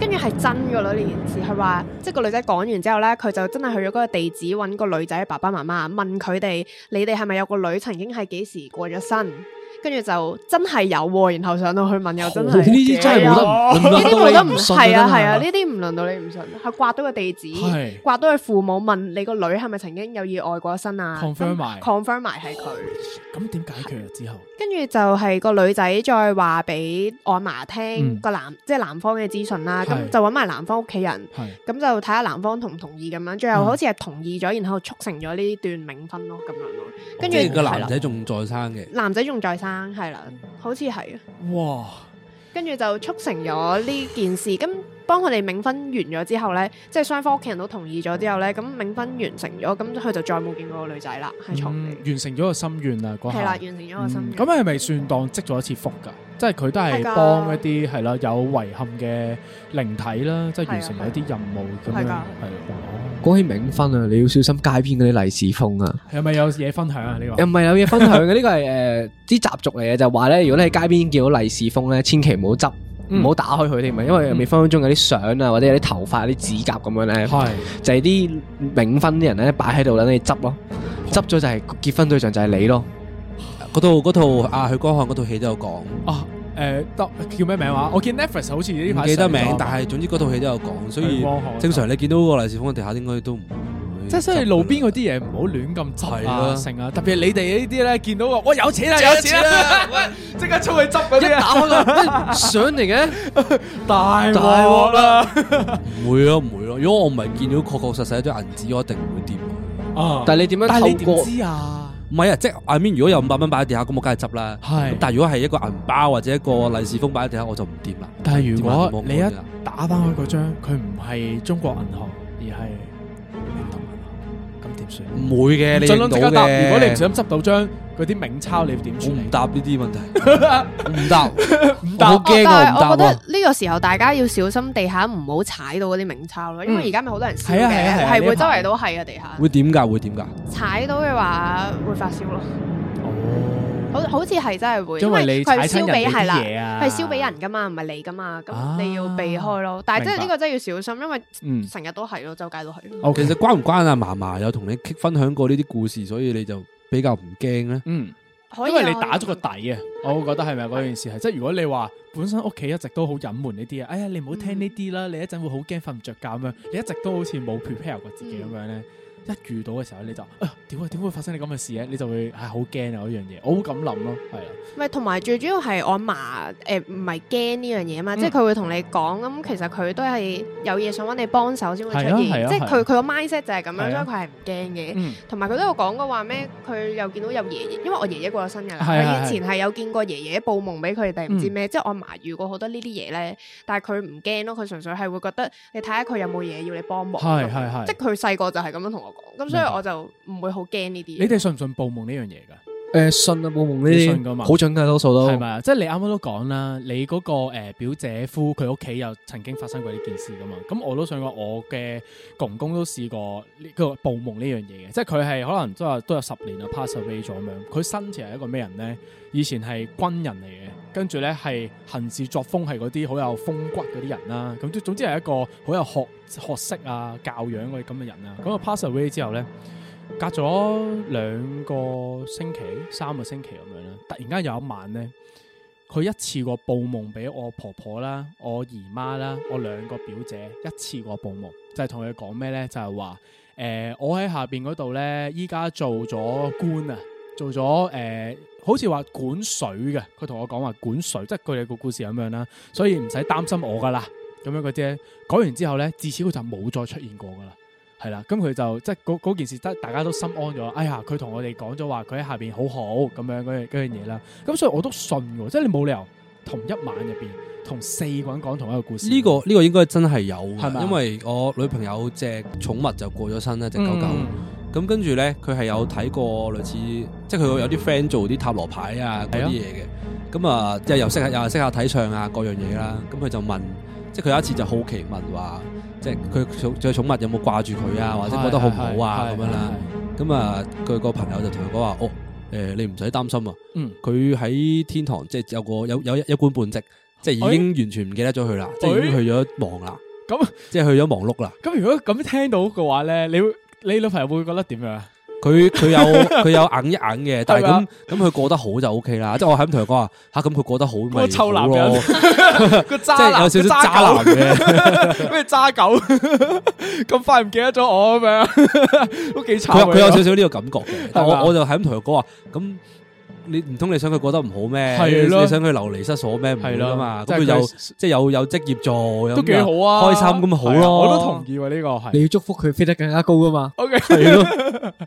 Speaker 5: 跟住係真個咯，呢件事係話，即係個女仔講完之後呢，佢就真係去咗嗰個地址揾個女仔嘅爸爸媽媽，問佢哋你哋係咪有個女曾經係幾時過咗身？跟住就真係有，然後上到去問又真係呢啲真係冇得，呢啲佢都唔信啊！係啊，呢啲唔輪到你唔信，佢刮到個地址，刮到佢父母問你個女係咪曾經有意外過身啊？confirm 埋，confirm 埋係佢。
Speaker 3: 咁點解決啊？之後
Speaker 5: 跟住就係個女仔再話俾外嫲聽個男，即係男方嘅資訊啦。咁就搵埋男方屋企人，咁就睇下男方同唔同意咁樣。最後好似係同意咗，然後促成咗呢段冥婚咯，咁樣咯。跟住個男仔
Speaker 4: 仲在生嘅，
Speaker 5: 男仔仲在生。係啦，好似係啊，哇！跟住就促成咗呢件事，咁幫佢哋冥婚完咗之後呢，即係雙方屋企人都同意咗之後呢，咁冥婚完成咗，咁佢就再冇見過個女仔啦，係
Speaker 3: 從嚟，完成咗個心願啦，係啦，完成咗個心願，咁係咪算當積咗一次福噶？.即係佢都係幫一啲係啦，有遺憾嘅靈體啦，即係完成一啲任務咁樣。係講
Speaker 2: 起冥婚啊，你要小心街邊嗰啲利是封啊！
Speaker 3: 係咪有嘢分享啊？呢個又唔係有嘢分享
Speaker 2: 嘅，呢個係誒啲習俗嚟嘅，就係話咧，如果你喺街邊見到利是封咧，千祈唔好執，唔好打開佢添啊，因為未分分鐘有啲相啊，或者有啲頭髮、啲指甲咁樣咧。係就係啲冥婚啲人咧擺喺度等你執咯，執咗就係結婚對象就係你咯。嗰套嗰套啊，
Speaker 4: 佢光寒嗰套戲都有講。
Speaker 3: 哦，誒，叫咩名話？我見 Netflix 好似呢排唔記得名，但係
Speaker 4: 總之嗰套戲都有講，所以正常你見到個利是封地下應該都唔
Speaker 3: 會即係，所以路邊嗰啲嘢唔好亂咁執啦，係啊！特別你哋呢啲咧，見到我有錢啦，有錢啦，喂，即刻出去執嗰啲，一打開上嚟嘅大鑊啦，唔
Speaker 4: 會咯，唔會咯。如果我唔係見到確確實實一堆銀紙，我一定唔會掂。啊，
Speaker 3: 但係你點樣？但係你點知啊？
Speaker 4: 唔係啊，即係 I mean, 如果有五百蚊擺喺地下，咁我梗係執啦。係，但係如果係一個銀包或者一個利是封擺喺地下，我就唔掂啦。但係如果你一
Speaker 3: 打翻開嗰張，佢唔係中國銀行，而係唔同銀行，咁點算？唔會嘅，你量唔到嘅。如果你唔想執到張。嗰啲冥鈔你點處理？我唔答呢
Speaker 4: 啲問題，
Speaker 5: 唔答唔
Speaker 4: 答。好驚㗎，唔答。但係我覺
Speaker 5: 得呢個時候大家要小心地下唔好踩到嗰啲冥鈔咯，因為而家咪好多人燒嘅，係會周圍都係啊地下。
Speaker 4: 會點噶？會點噶？
Speaker 5: 踩到嘅話會發燒咯。好，好似係真係會，因為佢燒俾係啦，係燒俾人噶嘛，唔係你噶嘛，咁你要避開咯。但係真係呢個真係要小心，因為成日都係咯，周街都係。其實
Speaker 4: 關唔關啊？嫲嫲有同你分享過呢啲故事，所以你就。比較唔驚咧，嗯，
Speaker 5: 因為你打咗個底啊，
Speaker 3: 我會覺得係咪嗰件事係，即係的如果你話本身屋企一直都好隱瞞呢啲啊，哎呀你唔好聽呢啲啦，你、嗯、你一陣會好驚瞓唔着覺咁樣，你一直都好似冇 prepare 過自己咁、嗯、樣咧。一遇到嘅時候，你就啊點啊點會發生你咁嘅事咧？你就會係好驚啊！嗰樣嘢，我會咁諗咯，係
Speaker 5: 啊。唔係同埋最主要係我阿嫲誒，唔係驚呢樣嘢啊嘛，嗯、即係佢會同你講咁，其實佢都係有嘢想揾你幫手先會出現。嗯、即係佢佢個 mindset 就係咁樣，嗯、所以佢係唔驚嘅。同埋佢都有講過話咩？佢又見到有爺爺，因為我爺爺過咗身嘅啦。嗯、我以前係有見過爺爺報夢俾佢哋，唔知咩。嗯、即係我阿嫲遇過好多呢啲嘢咧，但係佢唔驚咯，佢純粹係會覺得你睇下佢有冇嘢要你幫忙。嗯、即係佢細個就係咁樣同我。咁所以我就唔會好驚呢啲嘢。你哋
Speaker 3: 信唔信報夢呢樣嘢噶？誒，信啊，報夢呢啲信噶嘛？好準
Speaker 2: 嘅，多數都係咪啊？即
Speaker 3: 係你啱啱都講啦，你嗰個誒表姐夫佢屋企又曾經發生過呢件事噶嘛？咁我都想過我嘅公公都試過呢個報夢呢樣嘢嘅，即係佢係可能即係都有十年啊，pass away 咗咁樣。佢生前係一個咩人咧？以前係軍人嚟嘅，跟住咧係行事作風係嗰啲好有風骨嗰啲人啦，啊。咁總，總之係一個好有學，學識啊、教養啲咁嘅人啊。咁啊，pass away 之後咧。隔咗兩個星期，三個星期咁樣啦，突然間有一晚咧，佢一次過報夢俾我婆婆啦，我姨媽啦、我兩個表姐一次過報夢，就係同佢講咩咧，就係話誒，我喺下邊嗰度咧，依家做咗官啊，做咗誒，呃，好似話管水嘅，佢同我講話管水，即係佢哋個故事咁樣啦，所以唔使擔心我噶啦，咁樣嘅啫。講完之後咧，自此佢就冇再出現過噶啦。係啦，咁佢就即係嗰件事，得大家都心安咗。哎呀，佢同我哋講咗話，佢喺下邊好好咁樣嗰嗰樣嘢啦。咁所以我都信嘅，即係你冇理由同一晚入邊同四個人講同一個故
Speaker 4: 事，這個。呢個呢個應該真係有的，係嘛嗎？因為我女朋友隻寵物就過咗身啦，隻狗狗。咁跟住咧，佢係有睇過類似，即係佢有有啲 friend 做啲塔羅牌啊，嗰啲嘢嘅。咁啊，即係又是識下、嗯、又識下睇相啊，各樣嘢啦。咁、嗯、佢、嗯、就問，即係佢有一次就好奇問話。說即係佢養隻寵物有冇掛住佢啊，是 或者覺得好唔好啊咁是樣啦。咁啊，佢個朋友就同佢講話，哦，誒，你唔使擔心啊。嗯。佢喺天堂，即係有個有有一官半職，overseas，即係已經完全唔記得咗佢啦，即係 với 已經去咗忙啦。咁，即係去咗忙碌啦。
Speaker 3: 咁 block buster 如果咁聽到嘅話咧，你你女朋友會覺得點樣？佢佢有佢有硬一硬嘅，但係咁
Speaker 4: 咁佢過得好就 O K 啦。即係我喺咁同佢講啊，吓咁佢過得好咪臭男人，即係有少少渣男嘅
Speaker 3: 咩渣狗咁快唔記得咗我咁樣都幾慘。佢有少
Speaker 4: 少呢個感覺嘅，但我我就喺咁同佢講啊，咁你唔通你想佢過得唔好咩？係咯，你想佢流離失所咩？係啦嘛，即係又即係有有職業做，都幾好啊，開心咁咪好咯。我都同意呢個係。
Speaker 2: 你要祝福佢飛得更加高噶嘛？O K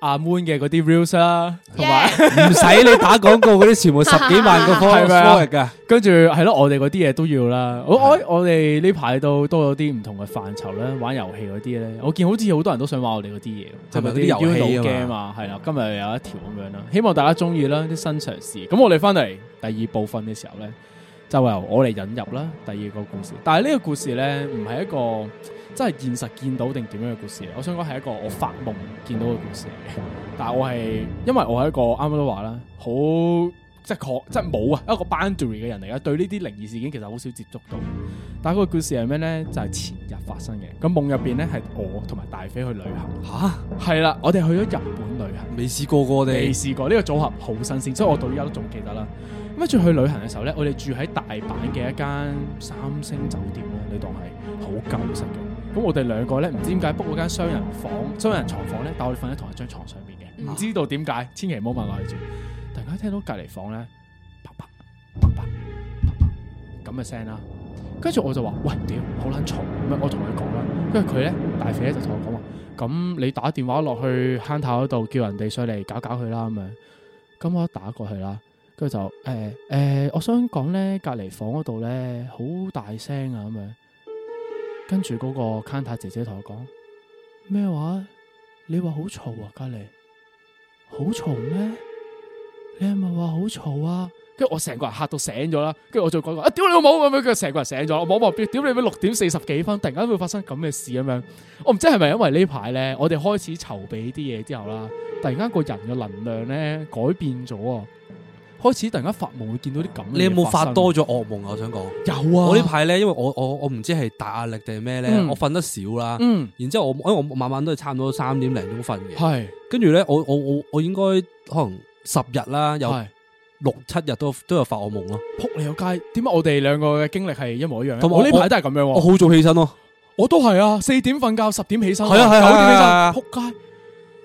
Speaker 3: 阿 moon 嘅嗰啲 reels 啦，
Speaker 5: 同埋唔使你打廣
Speaker 3: 告嗰啲， 全部十幾萬個 followers 嘅吧，跟住係咯，我哋嗰啲嘢都要啦。的我我我哋呢排都都有啲唔同嘅範疇啦，玩遊戲嗰啲咧，我見好似好多人都想玩我哋嗰啲嘢，即係嗰啲遊戲啊係啦，今日有一條咁樣啦，希望大家中意啦，啲新嘗試。咁我哋翻嚟第二部分嘅時候咧。就由我嚟引入啦，第二個故事。但係呢個故事咧，唔係一個真係現實見到定點樣嘅故事。我想講係一個我發夢見到嘅故事嚟嘅。但係我係因為我係一個啱啱都話啦，好即係確即係冇啊一個 boundary 嘅人嚟嘅，對呢啲靈異事件其實好少接觸到。但係個故事係咩咧？就係前日發生嘅。咁夢入邊咧係我同埋大肥去旅行。吓，係啦，我哋去咗日本旅
Speaker 4: 行，未試過過哋未試
Speaker 3: 過呢個組合，好新鮮，所以我到依家都仲記得啦。跟住去旅行嘅時候咧，我哋住喺大阪嘅一間三星酒店咧，呢度係好舊式嘅。咁我哋兩個咧，唔知點解 book 間雙人房、雙人床房咧，但我哋瞓喺同一張床上面嘅，唔知道點解，千祈唔好問我哋住。突然間聽到隔籬房咧，啪啪啪啪啪啪咁嘅聲啦，跟住我就話：喂，點好撚嘈？咁我同佢講啦。跟住佢咧，大肥咧就同我講話：咁你打電話落去坑頭嗰度，叫人哋上嚟搞搞佢啦咁樣。咁我打過去啦。跟住就誒誒、欸欸，我想講咧，隔離房嗰度咧好大聲啊，咁、嗯、樣，跟住嗰個 counter 姐姐同我講咩話？你話好嘈啊，隔離好嘈咩？你係咪話好嘈啊？跟住我成個人嚇到醒咗啦，跟住我再講話啊，屌你老母咁樣，佢成個人醒咗，我望望表，屌你咪六點四十幾分，突然間會發生咁嘅事咁樣，我唔知係咪因為呢排咧，我哋開始籌備啲嘢之後啦，突然間個人嘅能量咧改變咗啊！開始突然間發夢，會見到啲咁。你有冇發多咗噩
Speaker 4: 夢啊？我想講有啊。我呢排咧，因為我我我唔知係大壓力定係咩咧，我瞓得少啦。嗯，然之後我因為我晚晚都係差唔多三點零鐘瞓嘅。係，跟住咧，我我我我應該可能十日啦，有六七日都都有發噩夢咯。撲你個街！點解我哋兩個嘅
Speaker 3: 經歷係一模一樣？同我呢排都係咁樣。我好早
Speaker 4: 起身咯，我都係啊，四點瞓覺，十點起身。係啊係啊，九點起身。
Speaker 3: 撲街！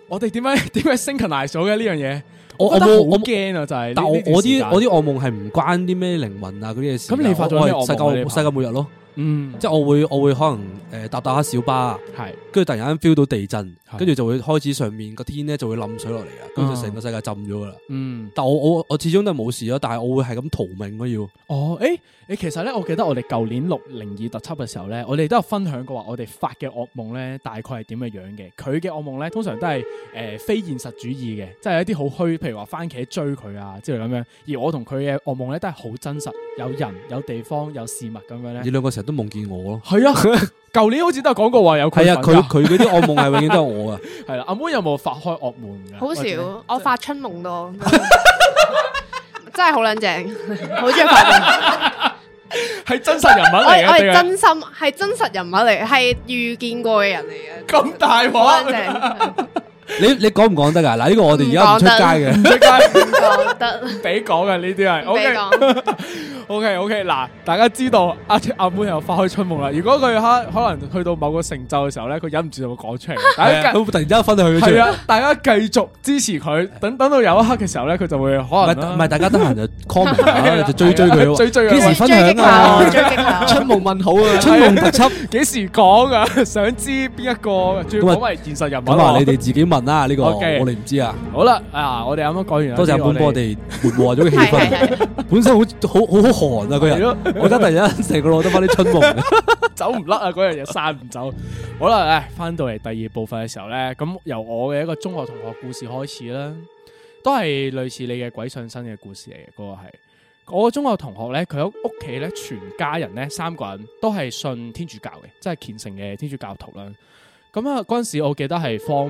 Speaker 3: 我哋點解點解 synchronise 咗嘅呢樣嘢？我我我好驚啊！就係，但我我啲我啲
Speaker 4: 噩夢係唔關啲咩靈魂啊嗰啲嘢事，咁你發咗咩噩夢你、啊？世界拍世界末日咯。嗯，即係我會我會可能誒、呃、搭搭下小巴，係是，跟住突然間 feel 到地震，跟住是就會開始上面個天咧就會冧水落嚟啊，跟住成個世界浸咗噶啦。嗯，但我我我始終都係冇事咯，但係我會係咁逃命咯要。
Speaker 3: 哦，誒，誒，其實咧，我記得我哋舊年六零二特輯嘅時候咧，我哋都有分享過話我哋發嘅噩夢咧，大概係點嘅樣嘅。佢嘅噩夢咧通常都係誒、呃、非現實主義嘅，即係一啲好虛，譬如話番茄追佢啊之類咁樣。而我同佢嘅噩夢咧都係好真實有，有人、有地方、有事物咁樣咧。你兩個成。都夢見我咯，係啊，舊年好似都有講過話有佢，係啊，佢佢嗰啲惡夢係永遠都係我啊。係啦，阿妹有冇發開惡夢噶？好少，
Speaker 5: 我發春夢多，真係好靚正，好中意發，
Speaker 3: 係
Speaker 4: 真實人物嚟，我係真
Speaker 5: 心係真實人物嚟，係遇見過嘅人嚟嘅，咁大鑊。
Speaker 4: 你你講唔講得噶？嗱，呢個我哋而家唔出街嘅，唔出街
Speaker 3: 唔講得，俾講嘅呢啲係。O K O K O K 嗱，大家知道阿阿妹又發開春夢啦。如果佢刻可能去到某個成就嘅時候咧，佢忍唔住就會講出嚟。大家突然之間分到佢，係啊！大家繼續支持佢，等等到有一刻嘅時候咧，佢就會可能唔係，大家得閒就 comment，就追追佢咯。追追幾時分享啊？
Speaker 2: 春夢問好啊！春夢特輯，幾時講啊？想知邊一個
Speaker 3: 最講為現實人物？可能你哋
Speaker 4: 自己啦呢、這個，Okay. 我哋唔知啊。好
Speaker 3: 啦，啊，我哋啱啱講完，多謝本波、啊，我哋
Speaker 4: 緩和咗個氣氛。 對對對本身好好好寒啊，個 人， 我覺得突然間成個路得翻啲春夢，
Speaker 3: 走唔甩啊，嗰樣嘢散唔走。 好啦，誒、啊，翻到嚟第二部分嘅時候咧，咁由我嘅一個中學同學故事開始啦，都係類似你嘅鬼上身嘅故事嚟嘅，嗰、那個係我嘅中學同學咧，佢屋企咧，全家人咧，三個人都係信天主教嘅，即係虔誠嘅天主教徒啦。咁啊，嗰陣時我記得係放。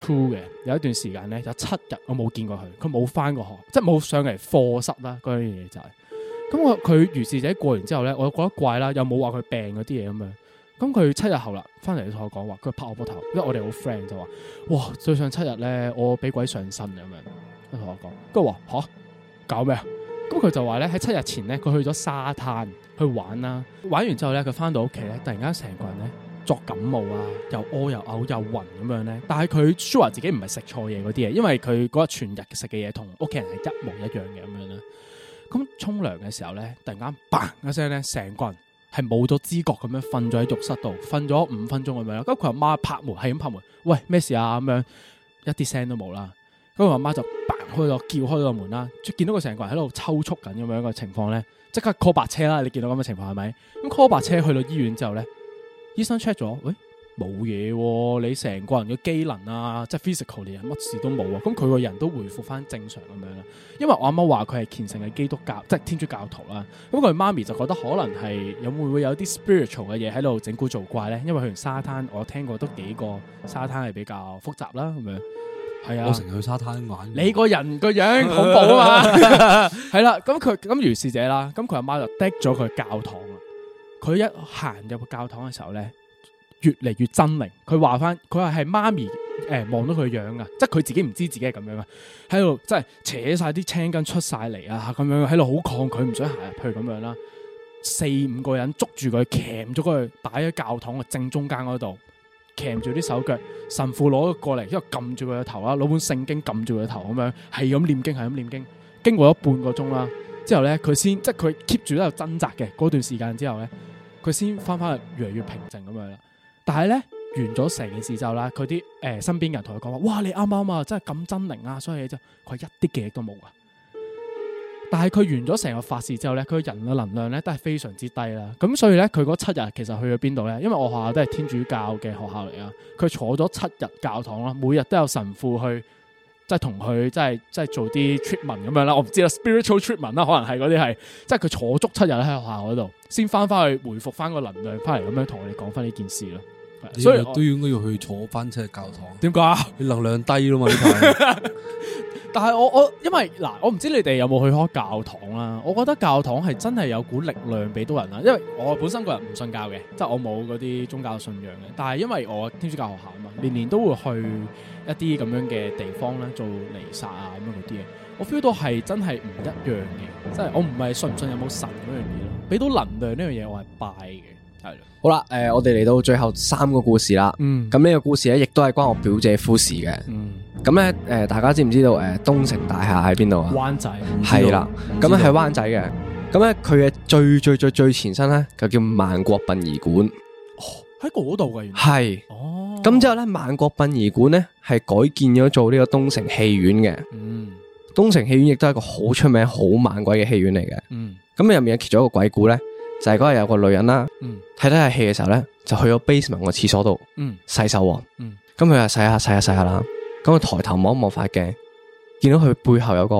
Speaker 3: cool 嘅有一段時間咧，有七日我冇見過佢，佢冇翻過學，即係冇上嚟課室啦，嗰樣嘢就係咁我佢如是者，過完之後咧，我又覺得怪啦，又冇話佢病嗰啲嘢咁樣。咁佢七日後啦，翻嚟同我講話，佢拍我膊頭，因為我哋好 friend 就話，哇，最上七日咧，我俾鬼上身咁樣佢同我講。跟住話吓，搞咩啊？咁佢就話咧，喺七日前咧，佢去咗沙灘去玩啦，玩完之後咧，佢翻到屋企咧，突然間成個人咧作感冒啊，又屙又嘔又暈咁樣咧，但係佢 sure 自己唔係食錯嘢嗰啲嘢，因為佢嗰日全日食嘅嘢同屋企人係一模一樣嘅咁樣啦。咁沖涼嘅時候咧，突然間嘭一聲咧，成個人係冇咗知覺咁樣瞓咗喺浴室度，瞓咗五分鐘咁樣啦。咁佢阿媽拍門，係咁拍門，喂，咩事啊咁樣，一啲聲都冇啦。咁佢阿媽就嘭開咗，叫開個門啦，見到佢成個人喺度抽搐緊咁樣一個情況咧，即刻 call 白車啦！你見到咁嘅情況係咪？咁 call 白車去到醫院之後咧。醫生 check 咗，喂、欸，冇嘢喎，你成個人嘅機能啊，即係 physical 連乜事都冇啊，咁佢個人都回復翻正常咁樣啦。因為我阿媽話佢係虔誠嘅基督教，即係天主教徒啦，咁佢媽咪就覺得可能係有會唔會有啲 spiritual 嘅嘢喺度整蠱做怪咧？因為去完沙灘，我聽過都幾個沙灘係比較複雜啦咁樣。係啊，我成日去沙灘玩。你個人個樣恐怖啊嘛。係啦， 咁佢咁如是者啦，咁佢阿媽就 drop 咗佢去教堂。佢一行入個教堂嘅時候咧，越嚟越猙獰。佢話翻，佢話係媽咪誒望、欸、到佢樣啊，即係佢自己唔知自己係咁樣啊，喺度即係扯晒啲青筋出晒嚟啊，咁樣喺度好抗拒，唔想行入去咁樣啦。四五個人捉住佢，鉗咗佢，擺喺教堂嘅正中間嗰度，鉗住啲手腳。神父攞咗過嚟，因為撳住佢嘅頭啦，攞本聖經撳住佢嘅頭，咁樣係咁念經，係咁念經，經過咗半個鐘啦。之後咧，佢先即係佢 keep 住喺度掙扎嘅。嗰段時間之後咧，佢先翻翻去，越嚟越平靜咁樣啦。但係咧，完咗成件事之後咧，佢啲誒身邊人同佢講話，哇，你啱啱啊，真係咁真靈啊！所以咧，就佢一啲記憶都冇啊。但係佢完咗成個法事之後咧，佢個人嘅能量咧都係非常之低啦。咁所以咧，佢嗰七日其實去咗邊度咧？因為我學校都係天主教嘅學校嚟啊，佢坐咗七日教堂啦，每日都有神父去。即係同佢，即係即係做啲 treatment 咁樣啦，我唔知啦，spiritual treatment 啦，可能係嗰啲係，即係佢坐足七日喺學校嗰度，先翻翻去回復翻個能量，翻嚟咁樣同我哋講翻呢件事咯。所以都要
Speaker 4: 應該要去坐翻次教堂。
Speaker 3: 點解？你能量低啦嘛？ 但係我我因為嗱我唔知你哋有冇去開教堂啦，我覺得教堂係真係有股力量俾到人啦，因為我本身個人唔信教嘅，即係我冇嗰啲宗教信仰嘅，但係因為我天主教學校嘛，年年都會去一啲咁樣嘅地方咧做彌撒啊咁樣嗰啲嘢，我 feel 到係真係唔一樣嘅，即係我唔係信唔信有冇神嗰樣嘢咯，俾到能量呢樣嘢我係拜嘅。係
Speaker 2: 好啦，誒，我哋嚟到最後三個故事啦。嗯，咁呢個故事咧，亦都係關我表姐夫事嘅。嗯，咁咧，誒，大家知唔知道？誒，東城大廈喺邊度啊？灣仔係啦，咁咧係灣仔嘅。咁咧，佢嘅最最最最前身咧，就叫萬國殯儀館。
Speaker 3: 喺嗰度嘅，
Speaker 2: 係哦。咁之後咧，萬國殯儀館咧係改建咗做呢個東城戲院嘅。嗯，東城戲院亦都係一個好出名、好猛鬼嘅戲院嚟嘅。嗯，咁入面有其中一個鬼故咧。就係嗰日有個女人啦，睇睇下戲嘅時候咧，就去咗 basement 個廁所度，洗手。咁佢啊洗下洗下洗下啦，咁佢抬頭望一望塊鏡，見到佢背後有個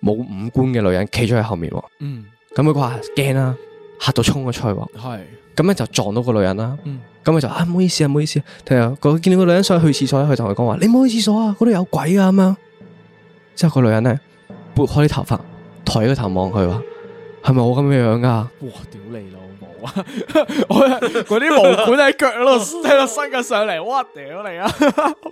Speaker 2: 冇五官嘅女人企咗喺後面。咁佢話驚啦，吓到衝咗出去。咁樣就撞到個女人啦。咁佢就啊唔好意思啊唔好意思，佢見到個女人想去廁所咧，佢同佢講話你唔好去廁所啊，嗰度有鬼啊咁樣。之後個女人咧撥開啲頭髮，抬個頭望佢話。係咪我咁樣樣噶？ 哇！屌你老母啊！
Speaker 3: 我嗰啲毛管喺腳度喺度伸緊上嚟，哇！屌你啊！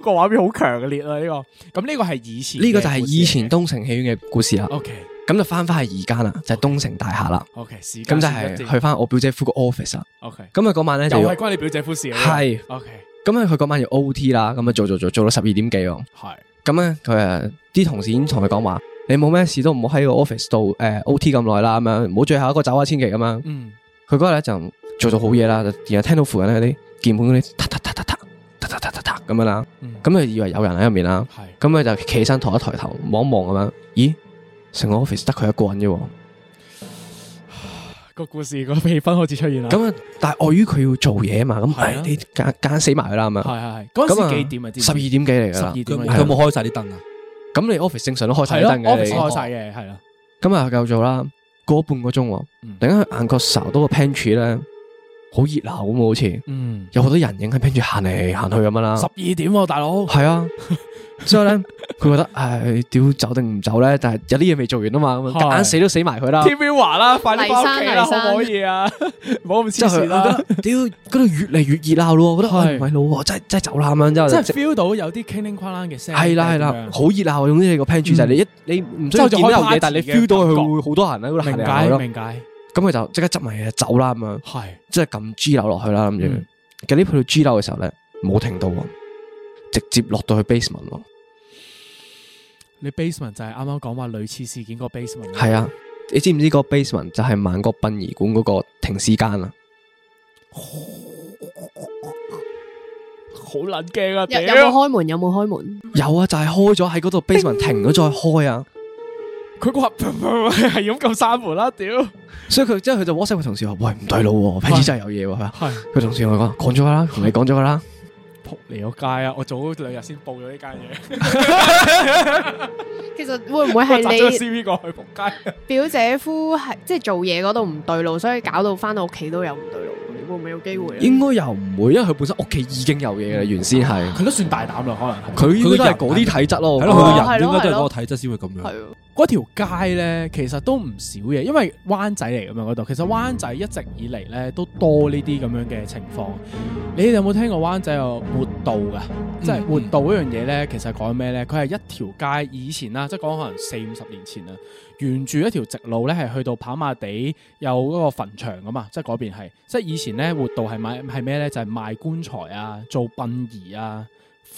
Speaker 3: 個畫面好強烈啊！呢、這個咁呢個係以前呢、啊、個就係以
Speaker 2: 前東城戲院嘅故事啦、啊。OK，咁就翻翻去而家啦，就係、是、東城大廈啦。OK，咁、okay. 就係去翻我表姐夫個 office 啊。
Speaker 3: OK，咁啊嗰晚咧就係關你表姐夫事啦、啊。係是 OK，
Speaker 2: 咁啊佢嗰晚要 OT 啦，咁啊做做做做，做到十二點幾咯。係咁咧，佢啊啲同事已經同佢講話。你冇咩事都唔好喺個 office 度，誒 O T 咁耐啦，咁樣唔好最後一個走阿，千祈咁樣。佢嗰日咧就做咗好嘢啦，然後聽到附近嗰啲鍵盤嗰啲嗒嗒嗒嗒嗒嗒嗒嗒嗒咁樣啦，咁啊以為有人喺入面啦，咁佢就企起身抬一抬頭望一望咁樣，咦，成個 office 得佢一個人啫？
Speaker 3: 個故事個氣氛開始出現啦。
Speaker 2: 咁但係礙於佢要做嘢啊嘛，咁你揀揀死埋啦咁樣。係係係，嗰幾點啊？十二點幾嚟噶啦？佢佢冇開晒啲燈啊？咁你 office 正常都開晒燈嘅 office 開晒嘅，係啦。今日夠做啦，過了半個鐘，突然間眼角睄到一個 pantry 咧。好熱鬧咁，好似，有好多人影喺 p 住行嚟行去咁樣啦。十二點，大佬，係啊，之後咧，佢覺得唉，屌，走定唔走咧？但係有啲嘢未做完啊嘛，咁樣，硬死都死埋佢啦。天
Speaker 3: 邊話啦，快啲翻屋企啦，可以啊，冇咁黐線啦。
Speaker 2: 屌，嗰度越嚟越熱鬧咯，我覺得唔係咯，真係真係走啦咁樣，真係
Speaker 3: feel 到有啲叮叮哐啷嘅聲，係啦係啦，好
Speaker 2: 熱鬧，總之你個 pen 住就係你一
Speaker 3: 你唔收住開，但係你 feel 到佢
Speaker 2: 會好多人喺度行街咯。咁佢就即刻執埋嘢走啦，咁樣是的，即係撳 G 樓落去啦，諗住，跟住去到 G 樓嘅時候咧，冇停到，直接落到去 basement 咯。
Speaker 3: 你 basement 就係啱啱講話類似事件個 basement。係
Speaker 2: 啊，你知唔知個 basement 就係萬國殯儀館嗰個停屍間 啊？
Speaker 3: 好撚驚啊！有冇
Speaker 5: 開門？有冇開門？
Speaker 2: 有啊，就係、是、開咗喺嗰度 basement 停咗叮再開啊！佢話係染咁閂門啦，屌！所以佢之後佢就 WhatsApp 個同事話，喂，唔對路，平時真係有嘢喎。係佢同事同佢講，講咗啦，同你講咗啦。扑你個街啊！我早
Speaker 3: 兩日先報咗呢間嘢。其實會唔會係你？呢個去仆街。
Speaker 5: 表姐夫係即係做嘢嗰度唔對路，所以搞到翻到屋企都有唔對路。會唔會有機會？應
Speaker 2: 該又唔會，因為佢本身屋企已經有嘢啦。原先係佢都算大
Speaker 4: 膽啦，可能佢佢都係嗰啲體質咯。佢個人應該都係嗰個體質先會咁樣。
Speaker 3: 嗰條街咧，其實都唔少嘢，因為灣仔嚟咁樣嗰度，其實灣仔一直以嚟咧都多呢啲咁樣嘅情況。你哋有冇聽過灣仔有活道噶？嗯嗯即係活道嗰樣嘢咧，其實講咩咧？佢係一條街以前啦，即係講可能四五十年前啊，沿住一條直路咧，係去到跑馬地有嗰個墳場噶嘛，即係嗰邊係即係以前咧，活道係賣係咩咧？就係賣棺材啊，做殯儀啊。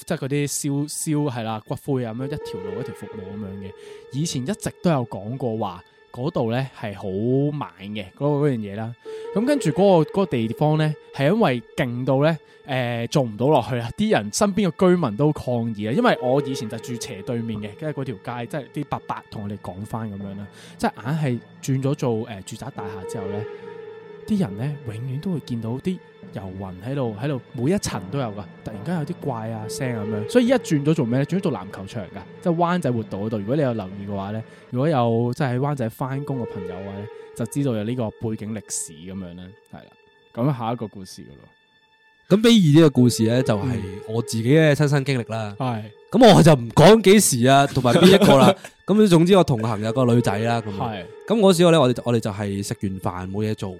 Speaker 3: 即係嗰啲燒燒係啦，骨灰啊，咁樣一條路一條服務咁樣嘅，以前一直都有講過話嗰度咧係好猛嘅嗰、嗰樣嘢啦。咁跟住嗰個、嗰個嗰個地方咧係因為勁到咧，誒、呃、做唔到落去啦，啲人身邊嘅居民都抗議啦。因為我以前就住斜對面嘅，跟住嗰條街即係啲伯伯同我哋講翻咁樣啦，即係硬係轉咗做誒、呃、住宅大廈之後咧，啲人咧永遠都會見到啲。遊魂喺度，喺度每一層都有噶。突然間有啲怪啊聲咁樣，所以而家轉咗做咩咧？轉咗做籃球場噶，即係灣仔活動嗰度。如果你有留意嘅話咧，如果有即係喺灣仔翻工嘅朋友嘅話咧就知道有呢個背景歷史咁樣咧，係啦。
Speaker 4: 咁下一個故事噶咯。咁第二呢個故事咧，就係、是、我自己嘅親身經歷啦。係
Speaker 5: 咁、嗯、我就唔
Speaker 4: 講幾時啊，同埋邊一個啦。咁 總之我同行有個女仔啦。係咁嗰時候咧，我哋我哋就係食完飯冇嘢做，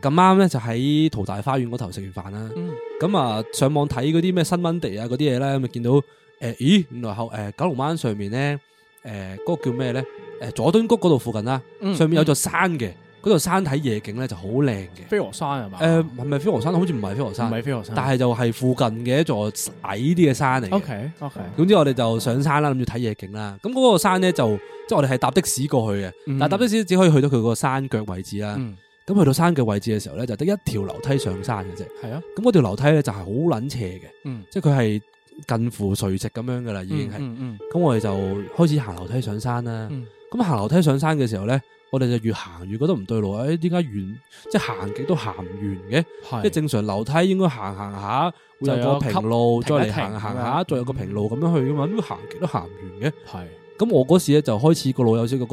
Speaker 4: 咁啱咧就喺淘大花園嗰頭食完飯啦。咁、嗯、啊上網睇嗰啲咩新 Monday 啊嗰啲嘢咧，咪見到誒、呃、咦，原來後誒、呃、九龍灣上面咧，誒、呃、嗰、那個叫咩咧？誒、呃、佐敦谷嗰度附近啦，上面有座山嘅。嗯嗯嗰座山睇夜景咧就好靚嘅，飛鵝山係嘛？誒、呃，係咪飛鵝山？好似唔係飛鵝山，唔係飛鵝山。但係就係附近嘅一座矮啲嘅山嚟。O K O K。咁之後我哋就上山啦，諗住睇夜景啦。咁嗰個山咧就即係我哋係搭的士過去嘅，mm hmm. 但搭的士只可以去到佢個山腳位置啦。咁、mm hmm. 去到山腳位置嘅時候咧，就得一條樓梯上山嘅啫。係啊、mm，咁嗰條樓梯咧就係好捻斜嘅，mm hmm. 即係佢係近乎垂直咁樣噶啦，已經係。嗯咁、mm hmm. 我哋就開始行樓梯上山啦。嗯、mm。咁行樓梯上山嘅時候咧。我哋就越行越覺得唔對路，誒，點解遠即係行極都行唔完嘅？即係正常樓梯應該行行下，會有個平路再行行下，再有個平路咁樣去噶嘛？行極都行唔完嘅？係咁我嗰時咧就開始個老友少嗰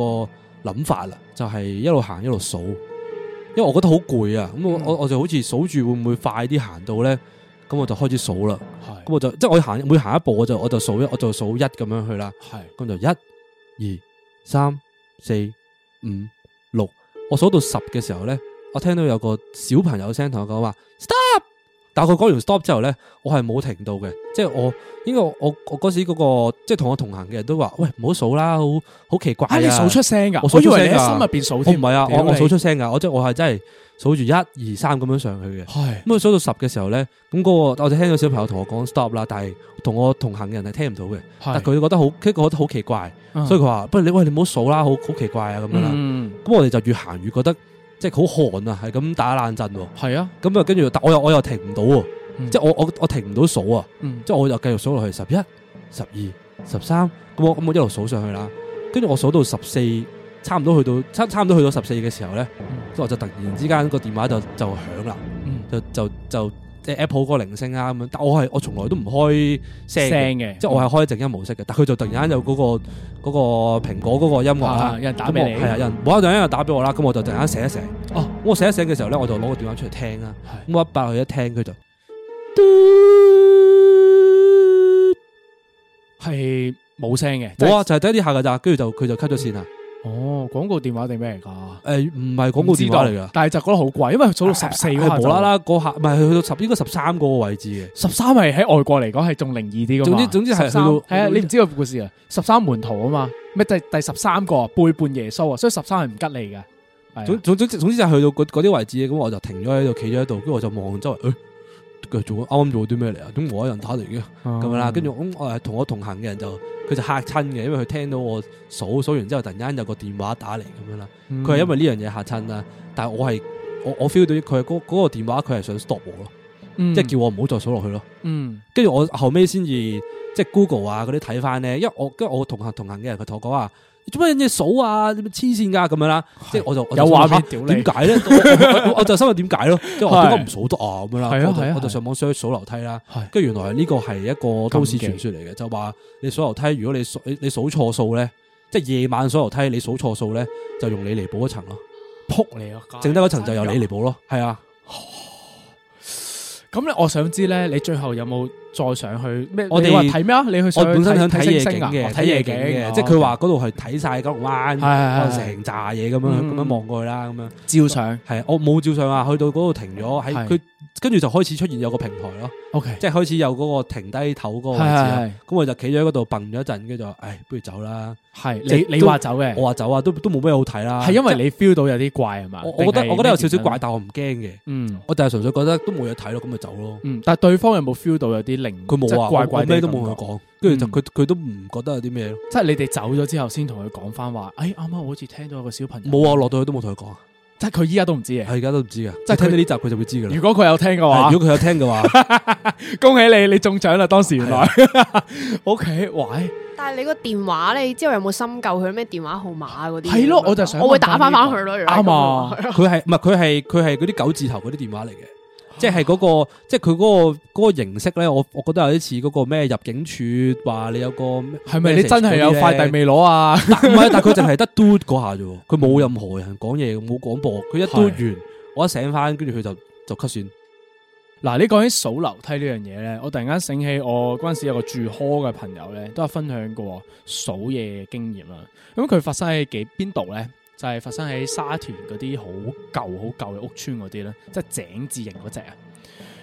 Speaker 4: 個諗法啦，就係一路行一路數，因為我覺得好攰啊，咁我我我就好似數住會唔會快啲行到咧？咁我就開始數啦，咁我就即係我行每行一步我就我就數一我就數一咁樣去啦，係咁就一、二、三、四。五六，我數到十嘅時候咧，我聽到有個小朋友聲同我講話，stop。但佢講完 stop 之後咧，我係冇停到嘅，即係我，因為我我嗰時嗰個即係同我同行嘅人都話：喂，唔好數啦，好好奇怪，啊，你數出聲噶，我數出聲噶，我以為你喺心入邊數添。我唔係啊，我我數出聲噶，我即係我係真係數住一二三咁樣上去嘅。咁佢數到十嘅時候咧，咁嗰個我就聽到小朋友同我講 stop 啦，但係同我同行嘅人係聽唔到嘅。是但佢覺得好，佢覺得好奇怪，嗯、所以佢話：不如你喂你唔好數啦，好好奇怪啊咁樣啦。咁、嗯、我哋就越行越覺得。即係好寒啊，係咁打冷震喎。係啊，咁是啊，跟住我又我又停唔到喎。嗯、即係我我我停唔到數啊。嗯、即係我又繼續數落去十一、十二、十三。咁我咁我一路數上去啦。跟住我數到十四，差唔多去到差差唔多去到十四嘅時候咧，嗯、我就突然之間個電話就就響啦、嗯。就就就。就即係 Apple 個鈴聲啊咁樣，但我係我從來都唔開聲聲嘅的，即係我係開靜音模式嘅。但佢就突然間有嗰個嗰個蘋果嗰個音樂啊，有人打俾你，係啊，有人突然間又打俾我啦。咁我就突然間醒一醒。哦、啊，我醒一醒嘅時候咧，我就攞個電話出嚟聽啦。咁我一撥佢一聽，佢就係冇聲嘅。冇啊，就係、是、得一啲下噶咋，跟住就佢就 cut 咗線啊。嗯。哦，
Speaker 3: 廣告電話定咩嚟噶？
Speaker 4: 誒、欸，唔係廣告電話嚟噶、嗯，
Speaker 3: 但係就覺得好貴，因為佢數到、啊、無無，去到十四嗰下，係無啦啦嗰下，唔係去到十應該十三嗰個位置嘅。十三係喺外國嚟講係仲靈異啲噶嘛總？總之總之係係啊，你唔知個故事啊，十三門徒啊嘛，咩第第十三個背叛耶穌啊，所以十三係唔吉利嘅。
Speaker 4: 啊、總總之就係去到嗰啲位置，咁我就停咗喺度，企咗喺度，跟住我就望周圍，誒，做啱做啲咩嚟啊？點冇人打嚟嘅？咁樣啦，跟住我同我同行嘅人就。佢就嚇親嘅，因為佢聽到我數數完之後，突然間有個電話打嚟咁樣啦。佢係、嗯、因為呢樣嘢嚇親啦，但係我係我我 feel 到佢嗰嗰個電話佢係想 stop 我咯，即係、嗯、叫我唔好再數落去咯。跟住、嗯、我後尾先至即、就、係、是、Google 啊嗰啲睇翻咧，因為我跟我同行同行嘅人佢同我講話。做乜嘢數啊？咁黐線噶，咁樣啦，即係我就有話俾點解咧？我就心諗點解咯，即係點解唔數得啊？咁樣啦，我就上網上去 search 數樓梯啦，跟住原來呢個係一個都市傳說嚟嘅，就話你數樓梯，如果你數你你數錯數咧，即係夜晚數樓梯，你數錯數咧，就用你嚟補一層咯，撲你咯，剩低嗰層就由你嚟補咯，係啊。
Speaker 3: 咁咧，我想知咧，你最後有冇？再上去咩？我哋話睇咩啊？你去我本身想睇夜景嘅，睇夜景嘅，即係佢話
Speaker 4: 嗰度係睇晒嗰個灣，成扎嘢咁樣咁樣望過去啦，咁樣照相係我冇照相啊！去到嗰度停咗喺佢，跟住就開始出現有個平台咯。OK，即係開始有嗰個停低頭嗰個位置。咁我就企咗喺嗰度，蹦咗陣，跟住就唉，不如走啦。係你你話走嘅，我話走啊，都都冇咩好睇啦。係因為你 feel 到有啲怪係嘛？我覺得我覺得有少少怪，但我唔驚嘅。嗯，我就係純粹覺得都冇嘢睇咯，咁咪走咯。但係對方有冇 feel 到有啲？佢冇話，怪怪咩都冇同佢講，跟住就佢佢都唔覺得有啲咩咯，
Speaker 3: 即係你哋走咗之後先同佢講翻話，哎，啱啱好似
Speaker 4: 聽到有個小朋友冇啊，落到去都冇同佢講，
Speaker 3: 即係佢依家都唔知嘅，
Speaker 4: 佢而家都唔知嘅，即係聽到呢集佢就會知噶啦。如果佢
Speaker 3: 有聽嘅話，如果佢有聽嘅話，恭喜你，你
Speaker 4: 中獎啦！當時原來，OK，喂，
Speaker 5: 但係你個電話，你之後有冇深究佢咩電話號碼嗰啲？係咯，我就想我會打翻翻去咯，阿媽，
Speaker 4: 佢係唔係佢係佢係嗰啲九字頭嗰啲電話嚟嘅。即係嗰、嗰個，啊、即係佢、嗰個、嗰個形式咧，我我覺得有啲似嗰個咩入境處話你有個係咪你真係有快遞未攞啊？唔係些，但係佢淨係得嘟嗰下啫，佢冇 任何人講嘢，冇廣播，佢一嘟完，的我一醒翻，跟住佢就就 cut
Speaker 3: 綫。嗱、啊，你講起數樓梯呢樣嘢咧，我突然間醒起我嗰陣時有個住 hall 嘅朋友咧，都有分享過數嘢嘅經驗啦。咁佢發生喺幾邊度咧？就係發生喺沙田嗰啲好舊好舊嘅屋村嗰啲咧，即係井字形嗰隻啊！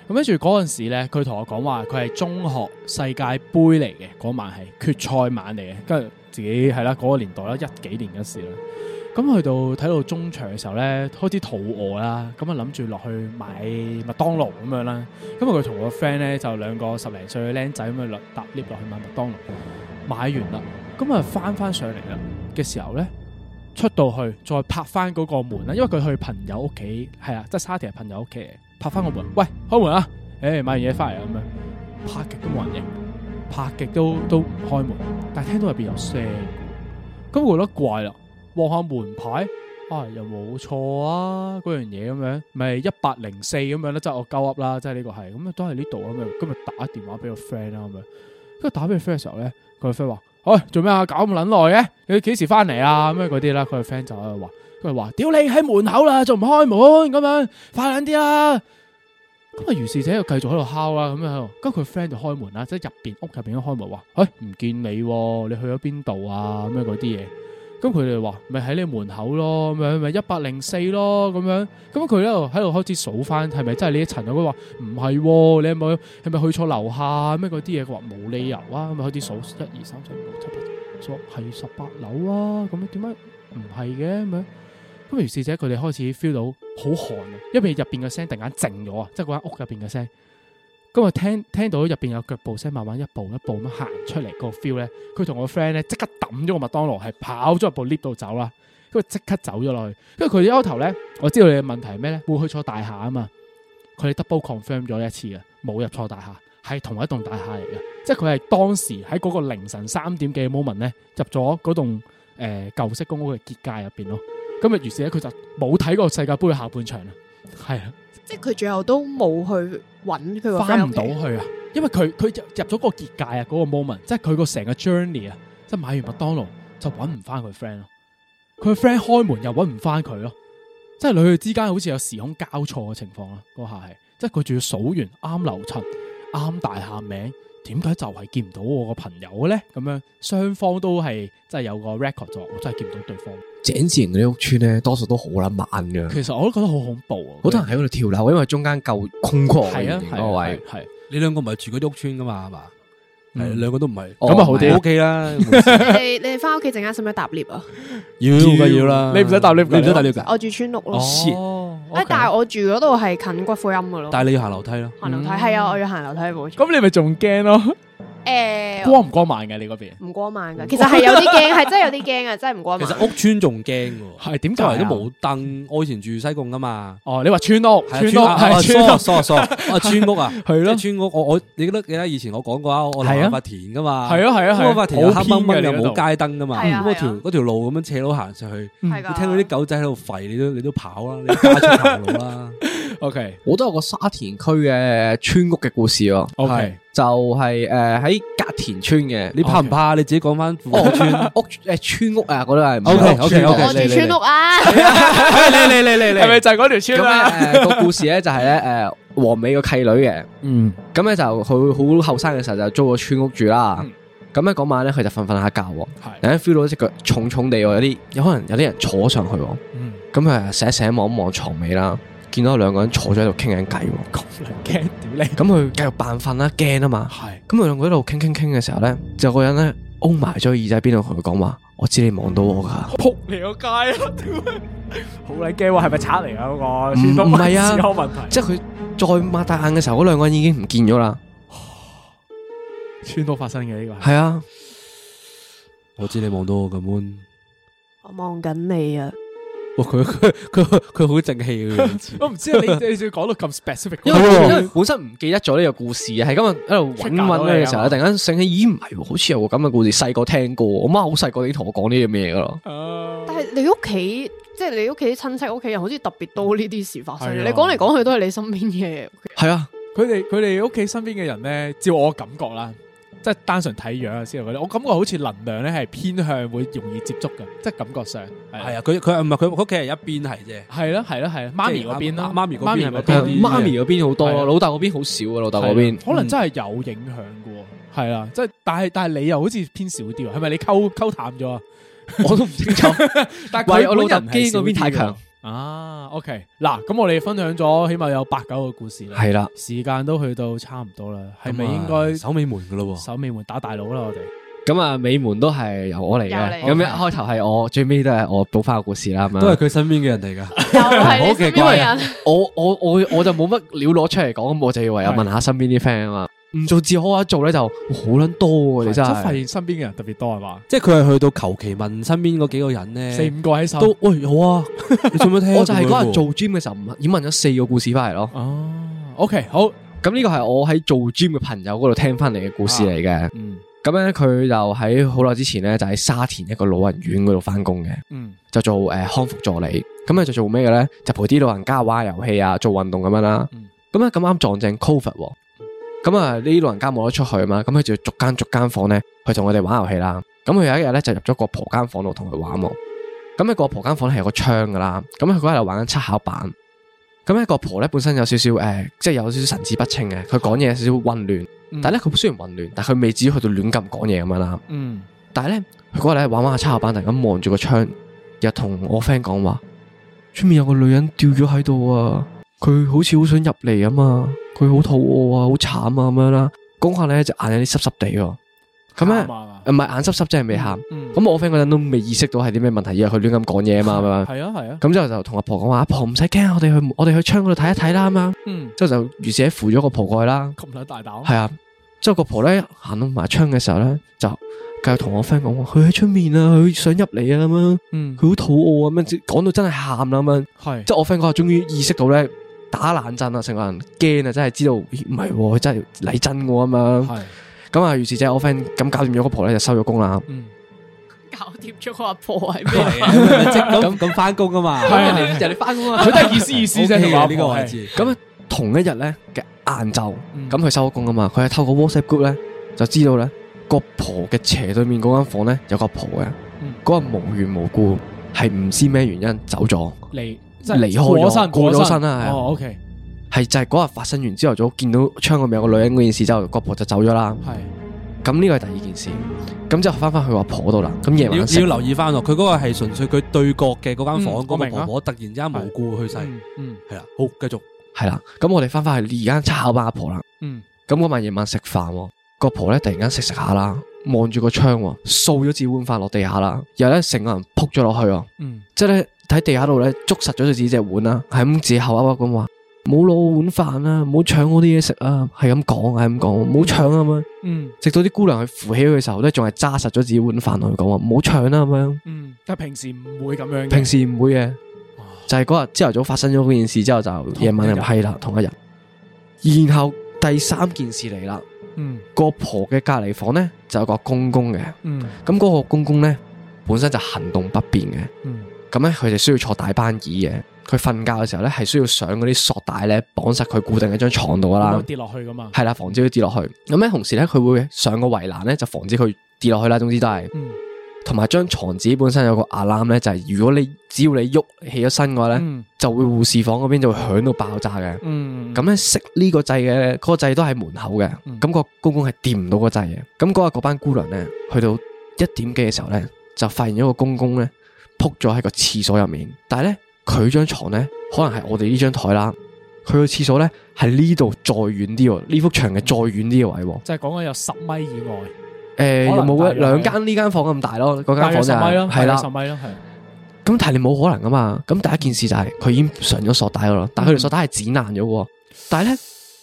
Speaker 3: 咁跟住嗰陣時咧，佢同我講話佢係中學世界盃嚟嘅，嗰晚係決賽晚嚟嘅，跟住自己係啦嗰個年代啦，一幾年嘅事啦。咁去到睇到中場嘅時候咧，開始肚餓啦，咁啊諗住落去買麥當勞咁樣啦。咁啊佢同個 friend 咧就兩個十零歲嘅僆仔咁啊搭 lift 落去買麥當勞，買完啦，咁啊翻翻上嚟啦嘅時候咧。出到去再拍翻嗰個門啦，因為佢去朋友屋企，係啊，即係沙田朋友屋企，拍翻個門，喂，開門啊，誒，買完嘢翻嚟咁樣，拍極都冇人影，拍極都都唔開門，但係聽到入邊有聲，咁我覺得怪啦，望下門牌啊，又冇錯啊，嗰樣嘢咁樣，咪一百零四咁樣咧，即係我鳩噏啦，即係呢個係，咁啊都係呢度，咁啊今日打電話俾個 friend 啦咁樣，跟住打俾個 friend 嘅時候咧，個 friend 話。喂、哎，做咩啊？搞咁捻耐嘅，你幾時翻嚟啊？咩嗰啲啦，佢個 friend 就喺度話，佢話屌你喺門口啦，仲唔開門？咁樣快捻啲啦！咁啊，於是者又繼續喺度敲啦，咁樣跟住佢 friend 就開門啦，即係入邊屋入邊開門話，哎，唔見你、啊，你去咗邊度啊？咁樣嗰啲嘢。咁佢哋話咪喺你個門口，就是，咯，咁樣咪一百零四咯，咁樣。咁佢咧喺度開始數翻，係咪真係你一層啊？佢話唔係，你係咪係咪去錯樓下咩嗰啲嘢？佢話冇理由啊，咁咪開始數一二三四五六七八，數係十八樓啊。咁樣點解唔係嘅？咁樣咁如是者，佢哋開始 feel 到好寒啊，因為入邊嘅聲突然間靜咗啊，即係嗰間屋入邊嘅聲。咁佢聽聽到入邊有腳步聲，慢慢一步一步咁行出嚟，個 feel 咧，佢同我 friend 咧即刻抌咗個麥當勞，係跑咗入部 lift 度走啦。跟住即刻走咗落去。跟住佢一開頭咧，我知道你嘅問題係咩咧？會去錯大廈啊嘛？佢 double confirm 咗一次嘅，冇入錯大廈，係同一棟大廈嚟嘅。即係佢係當時喺嗰個凌晨三點嘅 moment 咧，入咗嗰棟誒舊式公屋嘅結界入邊咯。咁啊，於是咧佢就冇睇過世界盃嘅下半場啦。係啊。
Speaker 5: 即係佢最後都冇去揾佢個 friend，翻唔到去
Speaker 3: 啊！因為佢佢入入咗個結界啊，嗰個 moment，即係佢個成個 journey 啊，即係買完麥當勞就揾唔翻佢 friend 咯。佢 friend 開門又揾唔翻佢咯，即係佢哋之間好似有時空交錯嘅情況啦。嗰下係，即係佢仲要數完啱樓層啱大廈名，點解就係見唔到我個朋友嘅咧？咁樣雙方都係即係有個 record 咗，我真係見唔到對方。
Speaker 2: 井字型嗰啲屋村咧，多數都好啦，猛嘅。其
Speaker 4: 實我都覺得好恐怖，
Speaker 2: 啊，好多人喺嗰度跳樓，因為中間夠
Speaker 4: 空曠。係啊，嗰位係你兩個唔係住嗰啲屋村噶嘛？係嘛？誒，兩個都唔係，咁啊好啲。O K 啦。
Speaker 5: 你你哋翻屋企陣間使唔使搭 lift 啊？
Speaker 4: 要噶要啦。你唔使搭 lift 你唔使搭 lift 噶。我
Speaker 5: 住村屋咯。哦。誒，但係我住嗰度係近骨灰龕噶咯。
Speaker 4: 但係你要行樓梯咯。
Speaker 5: 行樓梯，係啊，我要行樓梯去。
Speaker 4: 咁你咪仲驚咯？
Speaker 3: 誒，光唔光猛㗎你嗰邊？唔
Speaker 5: 光猛㗎，其實係有啲驚，係真係有啲驚啊，真係唔光猛。其實屋
Speaker 3: 村仲驚
Speaker 4: 嘅，係點解？嚟都冇燈，我以前住西貢噶嘛。哦，你話村屋，
Speaker 3: 村屋，村屋，係係啊，村屋啊，係咯，
Speaker 4: 村屋，我我，你都記得以前我講過啊，我南華田噶嘛，係啊，係啊，係，田好黑掹掹又冇街燈噶嘛，咁嗰條條路咁樣斜路行上去，你聽到啲狗仔喺度吠，你都你都跑啦，你快啲行路啦。OK，我都有個
Speaker 2: 沙田區嘅村屋嘅故事咯。係就係誒喺隔田村
Speaker 4: 嘅，你怕唔怕？你自己講翻屋村屋誒村屋啊，嗰啲係唔 OK OK OK，我住村屋啊！嚟嚟嚟嚟嚟，係咪就係嗰條村啊？個故事咧就係咧誒，
Speaker 2: 黃美個契女嘅。嗯，咁咧就佢好後生嘅時候就租個村屋住啦。咁咧嗰晚咧佢就瞓瞓下覺，突然 feel 到一隻腳重重地，有啲有可能有啲人坐上去。嗯，咁啊醒醒望一望床尾啦。見到兩個人坐咗喺度傾緊偈，咁你驚點咧？咁佢繼續扮瞓啦，驚啊嘛。係。咁佢兩個喺度傾傾傾嘅時候咧，就個人咧，勾埋咗耳仔邊度同佢講話：我知你望到我噶，
Speaker 3: 撲你個街啊！好你驚，係咪賊嚟啊？嗰個唔係啊，即
Speaker 2: 係佢再擘大眼嘅時候，嗰兩個人已經唔見咗啦。穿都發生嘅呢個
Speaker 4: 係啊，我知你望到我咁，
Speaker 2: 我望緊你
Speaker 3: 啊。
Speaker 4: 佢佢佢好正氣 我唔知 你你
Speaker 3: 仲講到咁 specific，
Speaker 2: 因為因為本身唔記得咗呢個故事啊，係今日喺度揾揾嘅時候，突然間醒起，咦唔係，好似有個咁嘅故事，細個聽過，我媽好細個已經同我講呢啲咩嘢噶啦。Uh、
Speaker 5: 但係你屋企，即、就、係、是、你屋企啲親戚、屋企人，好似特別多呢啲事發生。是啊、你講嚟講去都係你身邊嘅。
Speaker 3: 係、okay? 是啊，佢哋佢哋屋企身邊嘅人咧，照我感覺啦。即係單純睇樣啊之類嗰啲，我感覺好似能量咧係偏向會容易接觸噶，即係感覺上係啊。佢佢唔係佢屋企人一邊係啫，係咯係咯係啊。媽咪嗰邊啦，媽咪嗰邊，媽咪嗰
Speaker 2: 邊好多咯，老豆嗰邊好少啊。老豆嗰邊可能
Speaker 3: 真係有影響嘅，
Speaker 2: 係啊，即
Speaker 3: 係但係但係你又好似偏少啲啊？係咪你溝溝淡咗啊？我都唔清楚。但係我老豆基因嗰邊太強。啊，OK，嗱，咁我哋分享咗起碼有八九個故事啦，係啦的，時間都去到差唔多啦，係咪、啊、應該守尾門噶咯？守尾門打大佬
Speaker 2: 啦，我哋咁啊，尾門都係由我嚟嘅，咁一 Okay、嗯、開頭係我，最尾都係我補翻個故事啦，係嘛，都係佢
Speaker 4: 身邊嘅人嚟噶，好奇怪啊，
Speaker 2: 我我我我就冇乜料攞出嚟講，咁 我就要唯有問下身邊啲 friend 啊嘛。唔做自我一做咧就好撚多其實，啊、真係發現
Speaker 3: 身邊嘅人特別多係嘛？
Speaker 2: 即係佢係去到求其問身邊嗰幾個人咧，四五個喺手，
Speaker 4: 喂好啊！ 你做乜聽、啊？我就係嗰日做
Speaker 2: gym 嘅時候，已問咗四個故事翻嚟咯。哦、啊、OK 好，咁呢個係我喺做 gym 嘅朋友嗰度聽翻嚟嘅故事嚟嘅、啊。嗯，咁咧佢就喺好耐之前咧就喺沙田一個老人院嗰度翻工嘅。嗯，就做誒、呃、康復助理，咁啊就做咩嘅咧？就陪啲老人家玩遊戲啊，做運動咁樣啦、啊。嗯，咁啊咁啱撞正 covid。咁啊，呢老人家冇得出去啊嘛，咁佢就逐間逐間房咧，去同我哋玩遊戲啦。咁佢有一日咧就入咗個婆間房度同佢玩喎。咁咧個婆間房咧係有個窗噶啦。咁佢嗰日玩緊七巧板。咁咧個婆咧本身有少少誒、欸，即係有少少神志不清嘅。佢講嘢有少少混亂，嗯、但係咧佢雖然混亂，但係佢未至於去到亂咁講嘢咁樣啦。嗯。但係咧，佢嗰日玩玩下七巧板，突然咁望住個窗，又同我 friend 講話：出面有個女人吊咗喺度啊！佢好似好想入嚟啊嘛，佢好肚餓啊，好慘啊咁樣啦。講下咧，就眼有啲濕濕地喎。咁啊，唔係眼濕濕真係未喊。咁、嗯嗯、我 friend 嗰陣都未意識到係啲咩問題，因為佢亂咁講嘢啊嘛，係咪？係啊係啊。咁、啊、之後就同阿婆講話，阿婆唔使驚，我哋去我哋去窗嗰度睇一睇啦，係嘛。嗯，之後就於是扶咗個婆婆過去啦。咁鬼大膽。係啊，之後個婆咧行到埋窗嘅時候咧，就繼續同我 friend 講，佢喺出面啊，佢想入嚟啊咁樣。嗯，佢好肚餓咁樣，講到真係喊啦咁樣。係是，即係我 friend 嗰下終於意識到咧。打冷震啊！成個人驚啊！真係知道唔係，佢真係嚟真喎咁樣。咁啊！如是者我 friend 咁搞掂咗個婆咧，就收咗工啦。
Speaker 5: 搞掂咗個阿婆係咩？咁咁翻工啊嘛！係人哋翻工啊，佢都係意思意思啫。呢個位置
Speaker 2: 咁同一日咧嘅晏晝，咁佢收咗工啊嘛。佢係透過 WhatsApp group 咧，就知道咧個婆嘅斜對面嗰間房咧有個阿婆嘅，嗰個無緣無故係唔知咩原因走咗
Speaker 3: 你。即係離開咗身，過咗身啦，係 OK
Speaker 2: 係就係嗰日發生完朝頭早見到窗外面有個女人嗰件事之後，個婆就走咗啦。係咁呢個係第二件事，咁就翻翻去阿婆度啦。咁夜晚要要留意
Speaker 4: 翻，佢嗰個係純粹佢對角嘅嗰間房個婆婆突然之間無故去世。嗯，係啦，好繼續。
Speaker 2: 係啦，咁我哋翻翻去而家七號班阿婆啦。嗯，咁嗰晚夜晚食飯，個婆咧突然間食食下啦，望住個窗，掃咗隻碗飯落地下啦，然後咧成個人撲咗落去哦。嗯，即係咧。喺地下度咧捉實咗自己隻碗啦，係咁自後啊咁話，冇攞碗飯啦，冇搶我啲嘢食啊，係咁講，係咁講，冇搶啊咁樣，嗯，直到啲姑娘去扶起佢嘅時候咧，仲係揸實咗自己碗飯同佢講話，冇搶啊咁樣，嗯，
Speaker 3: 但係平時唔會咁樣，平時
Speaker 2: 唔會嘅，哦、就係嗰日朝頭早發生咗嗰件事之後就，就夜晚又係啦，同一日，然後第三件事嚟啦，嗯，個婆嘅隔籬房咧就有個公公嘅，嗯，咁嗰、嗯嗰個公公咧本身就行動不便嘅，嗯。咁咧，佢就需要坐大班椅嘅。佢瞓覺嘅時候咧，係需要上嗰啲索帶咧綁實佢，固定喺張床度噶啦。會跌落去噶嘛？係啦，防止佢跌落去。咁咧，同時咧，佢會上個圍欄咧，就防止佢跌落去啦。總之都係，同埋張床自己本身有個 alarm 咧，就係、是、如果你只要你喐起咗身嘅話咧，嗯、就會護士房嗰邊就會響到爆炸嘅。咁咧、嗯嗯、食呢個掣嘅，嗰、那個掣都喺門口嘅。咁、嗯、個公公係掂唔到個掣嘅。咁嗰日嗰班姑娘咧，去到一點幾嘅時候咧，就發現咗個公公咧。撲咗喺個廁所入面，但係咧，佢張床咧，可能係我哋呢張台啦，佢個廁所咧係呢度再遠啲，呢幅牆嘅再遠啲嘅位，
Speaker 3: 即係講緊有十米以外。
Speaker 2: 誒、欸，冇兩間呢間房咁、就是、大咯，嗰間房十米就係啦，十米咯。咁但係你冇可能噶嘛？咁第一件事就係、是、佢已經上咗索帶噶啦，但係佢哋索帶係剪爛咗。嗯、但係咧。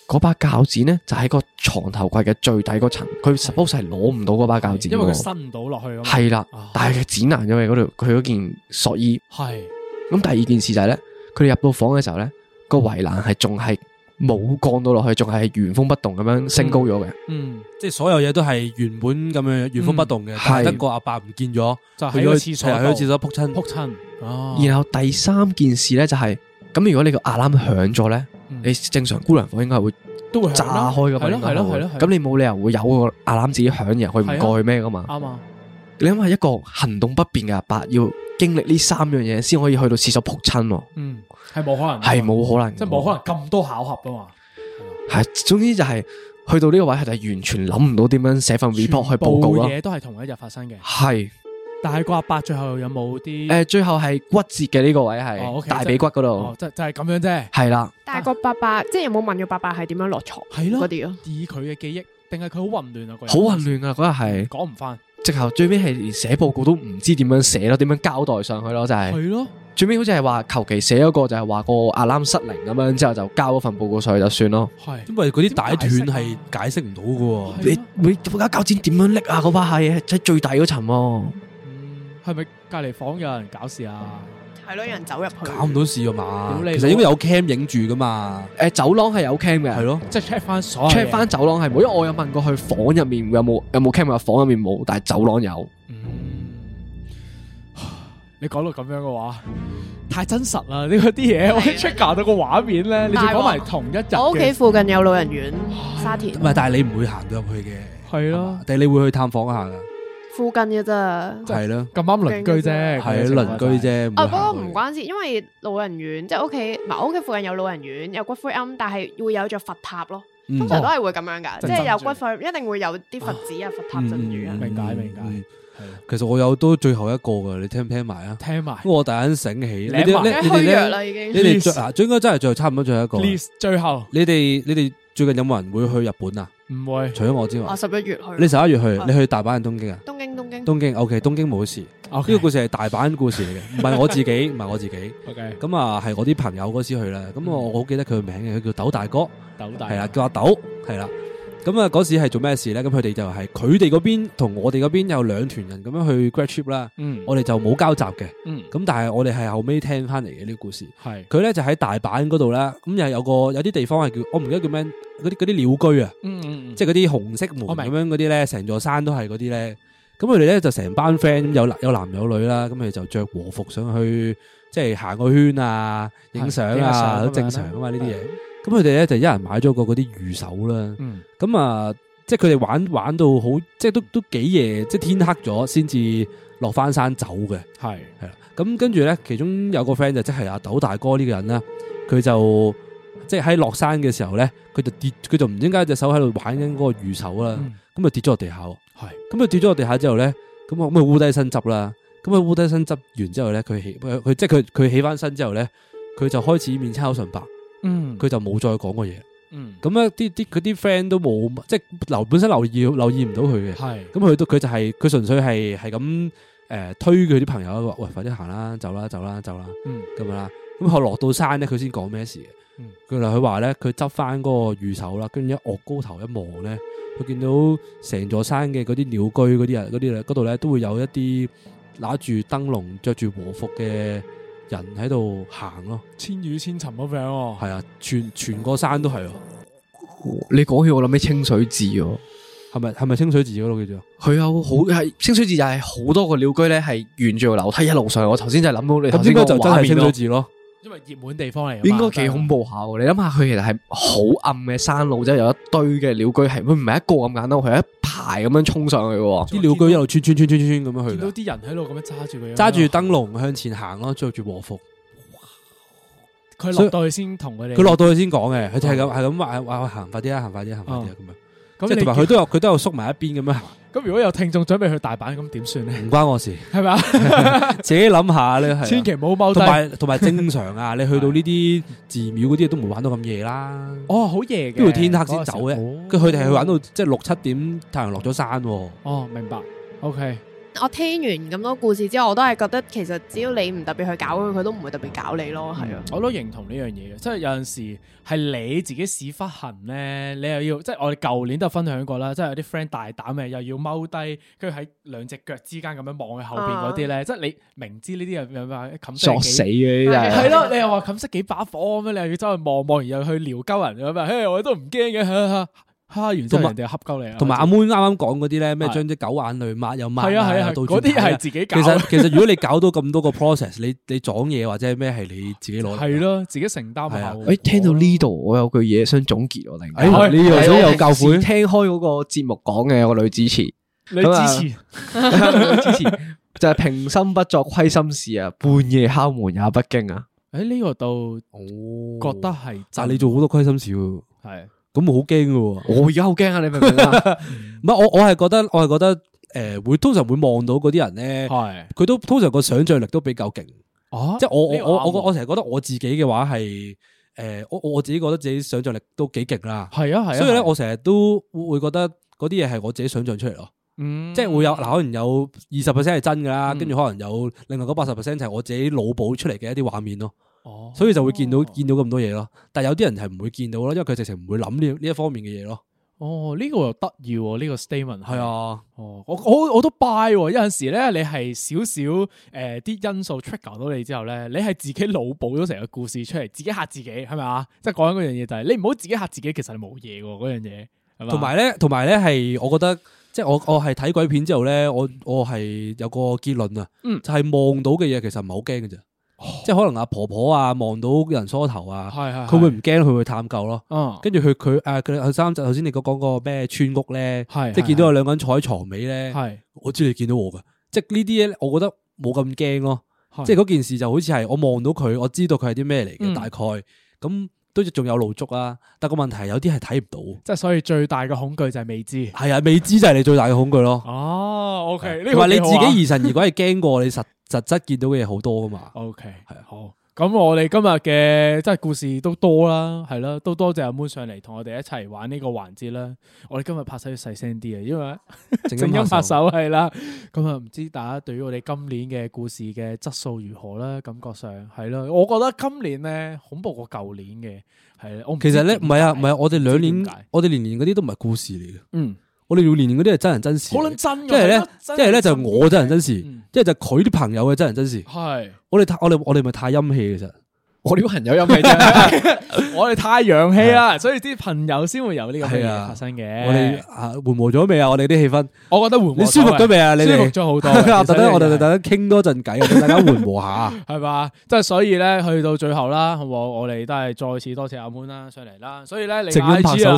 Speaker 2: 嗰把鉸剪呢，就喺個床頭櫃嘅最底個層，佢 suppose 係攞唔到嗰把鉸剪，因為佢伸
Speaker 3: 唔到落去咯。係啦，
Speaker 2: 但係佢剪爛咗佢嗰條佢件睡衣。係咁，第二件事就係咧，佢哋入到房嘅時候咧，個圍欄係仲係冇降到落去，仲係原封不動咁樣升高咗嘅。嗯，
Speaker 4: 即係所有嘢都係原本咁樣原封不動嘅，係得個阿伯唔見咗，就去咗廁所去咗廁所撲親撲親。哦，然後
Speaker 2: 第三件事咧就係。咁如果你個阿籃響咗咧，你、嗯、正常姑娘房應該係會都會炸開噶嘛，咁你冇理由會有個阿籃自己響嘅，人去唔過去咩噶嘛？啱啊！你諗下，一個行動不便嘅阿伯，要經歷呢三樣嘢先可以去到廁所扑親，嗯，
Speaker 3: 係冇可能，係冇可能，即係冇可能咁多巧合噶嘛。
Speaker 2: 係，總之就係、是、去到呢個位係完全諗唔到點樣寫份 report 去報告啦。全部嘢
Speaker 3: 都係同一日發生嘅，係。但個阿伯最後有冇啲？誒，
Speaker 2: 最後係骨折嘅，呢個位係大髀骨嗰度，就就係咁樣啫。係啦，
Speaker 5: 但個伯伯，即係有冇問個伯伯係點樣落床嗰啲咯？以佢嘅記憶，定係佢好混亂啊？好混
Speaker 2: 亂啊！嗰日係講唔翻，直頭最尾係連寫報告都唔知點樣寫咯，點樣交代上去咯，就係。係咯，最尾好似係話求其寫嗰個就係話個 alarm 失靈咁樣，之後就交咗份報告上去就算咯。
Speaker 4: 係，因為嗰啲大斷係解釋唔到㗎。你你把把鉸剪點樣拎啊？
Speaker 2: 嗰把蟹即喺最大嗰層。
Speaker 3: 係咪隔籬房有人搞事啊？係咯，有人走入
Speaker 2: 去搞唔到事啊嘛。其實應該有 cam 影住噶嘛。誒，走廊係有 cam 嘅，係咯，
Speaker 3: 即係 check 翻所有 check 翻
Speaker 2: 走廊係冇。因為我有問過佢房入面有冇有冇 cam，個房入面冇，但係走廊有。
Speaker 3: 嗯，你講到咁樣嘅話，太真實啦！呢啲嘢 check 到個畫面咧，你仲講埋同一日。我屋企附
Speaker 5: 近有老人院，沙田。唔係，但
Speaker 4: 係你唔會行到入去嘅，係咯？但係你會去探訪一下噶。
Speaker 5: 附近嘅啫，係咯，咁啱鄰居啫，係鄰居啫。啊，不過唔關事，因為老人院即係屋企，唔屋企附近有老人院，有骨灰龕，但係會有座佛塔咯。通常都係會咁樣噶，即係有骨灰，一定會有啲佛寺啊、佛
Speaker 4: 塔、僧侶啊。明解明解。其實我有都最後一個噶，你聽唔聽埋啊？聽埋。我突然醒起，你哋你哋虛弱啦，已經。你哋啊，應該真係最，差唔多最後一個。最後。你哋，你哋。最近有冇人會去日本啊？唔會是，除咗我之外。啊，十
Speaker 5: 一月去。你十一月去，你去大阪定東京啊？東京，東京。
Speaker 4: 東京，OK，東京冇事。呢 Okay. 個故事係大阪故事嚟嘅，唔係我自己，唔係 我自己。OK，咁啊、嗯，係我啲朋友嗰時去啦。咁我好記得佢嘅名嘅，佢叫斗大哥。斗大，啊，叫阿斗，係啦。咁啊，嗰時係做咩事咧？咁佢哋就係佢哋嗰邊同我哋嗰邊有兩團人咁樣去 grad trip 啦。嗯，我哋就冇交集嘅。嗯，咁但係我哋係後尾聽翻嚟嘅呢個故事。係佢咧，就喺大阪嗰度啦，咁又係有個有啲地方係叫我唔記得叫咩，嗰啲嗰啲鳥居啊。嗯嗯，即係嗰啲紅色門咁樣嗰啲咧，成座山都係嗰啲咧。咁佢哋咧就成班 friend 有男有男有女啦，咁佢就着和服上去，即係行個圈啊，影相啊，好正常啊嘛，呢啲嘢。咁佢哋咧就一人買咗個嗰啲魚手啦，咁啊、嗯，即係佢哋玩玩到好，即係都都幾夜，即係天黑咗先至落翻山走嘅，係係啦。咁跟住咧，其中有個 friend 就即係阿豆大哥呢個人啦，佢就即係喺落山嘅時候咧，佢就跌，佢就唔應該隻手喺度玩緊嗰個魚手啦，咁啊、嗯、跌咗落地下，係咁啊跌咗落地下之後咧，咁佢咪烏低身執啦，咁啊烏低身執完之後咧，佢起佢即係佢佢起翻身之後咧，佢就開始面青口唇白。嗯，佢就冇再講過嘢。嗯，咁咧啲啲佢啲 friend 都冇，即係留本身留意留意唔到佢嘅。係是，咁去到佢就係佢純粹係係咁誒推佢啲朋友，喂，快啲行啦，走啦，走啦，走啦。咁樣啦。咁後落到山咧，佢先講咩事嘅。佢就佢話咧，佢執翻嗰個御守啦，跟住一惡高頭一望咧，佢見到成座山嘅嗰啲鳥居嗰啲呀，嗰度咧都會有一啲拿住燈籠、着住和服嘅。人喺度行咯，千與千尋嗰片係啊，全全個山都係哦。你講起我諗起清水寺哦，係咪係咪清水寺嗰度記住？佢有好
Speaker 2: 係清水寺，就係好多個鳥居咧，係沿住個樓梯一路上。我頭先就係諗到你頭先嗰個，咁應該就真係清水寺咯。因為熱門地方嚟，應該幾恐怖下。但係你諗下，佢其實係好暗嘅山路，即係有一堆嘅鳥居係，佢唔係一個咁簡單，佢係一排咁樣衝上去嘅。
Speaker 4: 啲鳥居一路穿穿穿穿穿咁樣去的。見
Speaker 3: 到啲人喺度咁樣揸住佢，揸住
Speaker 4: 燈籠向前行咯，着住和服。
Speaker 3: 佢落到去先同佢哋，佢落到去先講嘅，佢就係咁，
Speaker 4: 係咁話行快啲啊，行快啲，行快啲咁、嗯、樣。咁即係同埋佢都有，佢都有縮埋一邊咁樣行。
Speaker 3: 咁如果有聽眾準備去大阪，咁點算咧？唔關我事，係咪吧？
Speaker 4: 自己諗下你咧， 啊、千祈唔好踎低。同埋同埋正常啊， 你去到呢啲寺廟嗰啲都唔會玩到咁夜啦。哦，好夜嘅，都要天黑先走嘅。佢佢哋係去玩到、哦、即係六七點太陽落咗山、啊。
Speaker 3: 哦，明白。OK。
Speaker 5: 我聽完咁多故事之後，我都係覺得其實只要你唔特別去搞佢，佢都唔會特別搞你咯，係啊。嗯，我都認同
Speaker 3: 呢樣嘢嘅，即係有陣時係你自己屎忽痕咧，你又要即係我哋舊年都有分享過啦，即係有啲 friend 大膽嘅，又要踎低，跟住喺兩隻腳之間咁樣望佢後邊嗰啲咧，啊啊即係你明知呢啲人咩咩冚死嘅，係咯，你又話冚熄幾把火咁樣，你又要走去望望，然後去撩鳩人咁樣，嘿，hey, 我都唔驚嘅。 哈！完人哋嘅恰鳩你啦。同
Speaker 4: 埋阿妹啱啱講嗰啲咧，咩將隻狗眼淚抹又抹係啊！係啊！嗰啲係自己搞。其實其實如果你搞到咁多個 process，你你撞嘢或者咩係你自己攞？係咯，自己承擔下。誒，
Speaker 2: 聽到呢度，我有句嘢想總結我嚟。誒，你有教聽開嗰個節目講嘅個女支持，女主持，女主持，就係平心不作虧心事啊，半夜敲門
Speaker 4: 也不驚啊。
Speaker 3: 誒，呢個都我覺得係。但你做
Speaker 4: 好多虧心事喎。
Speaker 2: 係。
Speaker 4: 咁我好驚嘅，我而家好驚啊、哦！你明唔明啊？唔係 我我係覺得我係覺得，誒，會、呃、通常會望到嗰啲人咧，係佢的都通常個想象力都比較勁啊！即係我我我我我成日覺得我自己嘅話係，誒、呃，我我，我自己覺得自己想象力都幾勁啦，係啊係啊！啊啊所以咧，我成日都會覺得嗰啲嘢係我自己想象出嚟咯，嗯、即係會有嗱，可能有二十 percent 係真噶啦，跟住可能有另外嗰八十 percent 就係我自己腦補出嚟嘅一啲畫面咯。哦，所以就會見到、哦、見到咁多嘢咯，但係有啲人係唔會見到咯，因為佢直情唔會諗呢呢一方面嘅嘢咯。哦、呢、這個又得意喎，呢、這個 statement 係啊。哦，
Speaker 3: 我我我都 buy、啊，一有時咧、呃，你係少少誒啲因素 trigger 到你之後咧，你係自己腦補咗成個故事出嚟，自己吓自己，係咪啊？即係講緊嗰樣嘢就係、是就是、你唔好自己吓自己，其實係冇嘢嘅嗰樣嘢。同埋咧，
Speaker 4: 同埋咧係，呢呢我覺得即係、就是、我我係睇鬼片之後咧，我我係有個結論啊，就係、是、望到嘅嘢其實唔係好驚嘅啫。即係可能阿婆婆啊望到人梳頭啊，佢會唔驚？佢會探究咯。跟住佢佢誒佢佢三集頭先你講講個咩村屋咧，即係見到有兩個人坐喺床尾咧。係我知你見到我噶，即係呢啲嘢咧，我覺得冇咁驚咯。即係嗰件事就好似係我望到佢，我知道佢係啲咩嚟嘅，大概咁都仲有露足啊。但係個問題有啲係睇唔到，即係所以最大嘅恐懼就係未知。係啊，未知就係你最大嘅恐懼咯。
Speaker 3: 哦，OK 呢個你自己疑神
Speaker 4: 疑鬼係驚過你實。實質見到嘅嘢好多噶嘛？OK，係、啊、好。
Speaker 3: 咁我哋今日嘅真係故事都多啦，係咯、啊，都多謝阿 Moon 上嚟同我哋一齊玩呢個環節啦。我哋今日拍手要細聲啲啊，因為靜音拍手係啦。咁啊，唔知大家對於我哋今年嘅故事嘅質素如何啦？感覺上係咯、啊，我覺得今年咧恐怖過舊年嘅，係、啊、其實咧唔係啊，唔係、啊啊、我
Speaker 4: 哋兩年，我哋年年嗰啲都唔係故事嚟嘅，嗯。我哋要連連嗰啲係真人真事，即係咧，即係咧就我真人真事，即係就佢啲朋友嘅真人真事。係我哋太我哋我哋咪太陰氣其實，我哋朋友陰氣，我哋太陽
Speaker 3: 氣啦，所以啲朋友先會有呢咁嘅嘢發生嘅。我哋
Speaker 4: 啊緩和咗未啊？我哋啲氣氛，我覺得緩和。你舒服咗未啊？你哋，舒服咗好多。等等我哋等等傾多陣偈，大家緩和下。
Speaker 3: 係嘛，即係所以咧，去到最後啦，好我哋都係再次多謝阿 Moon 啦上嚟啦，所以咧，你拍手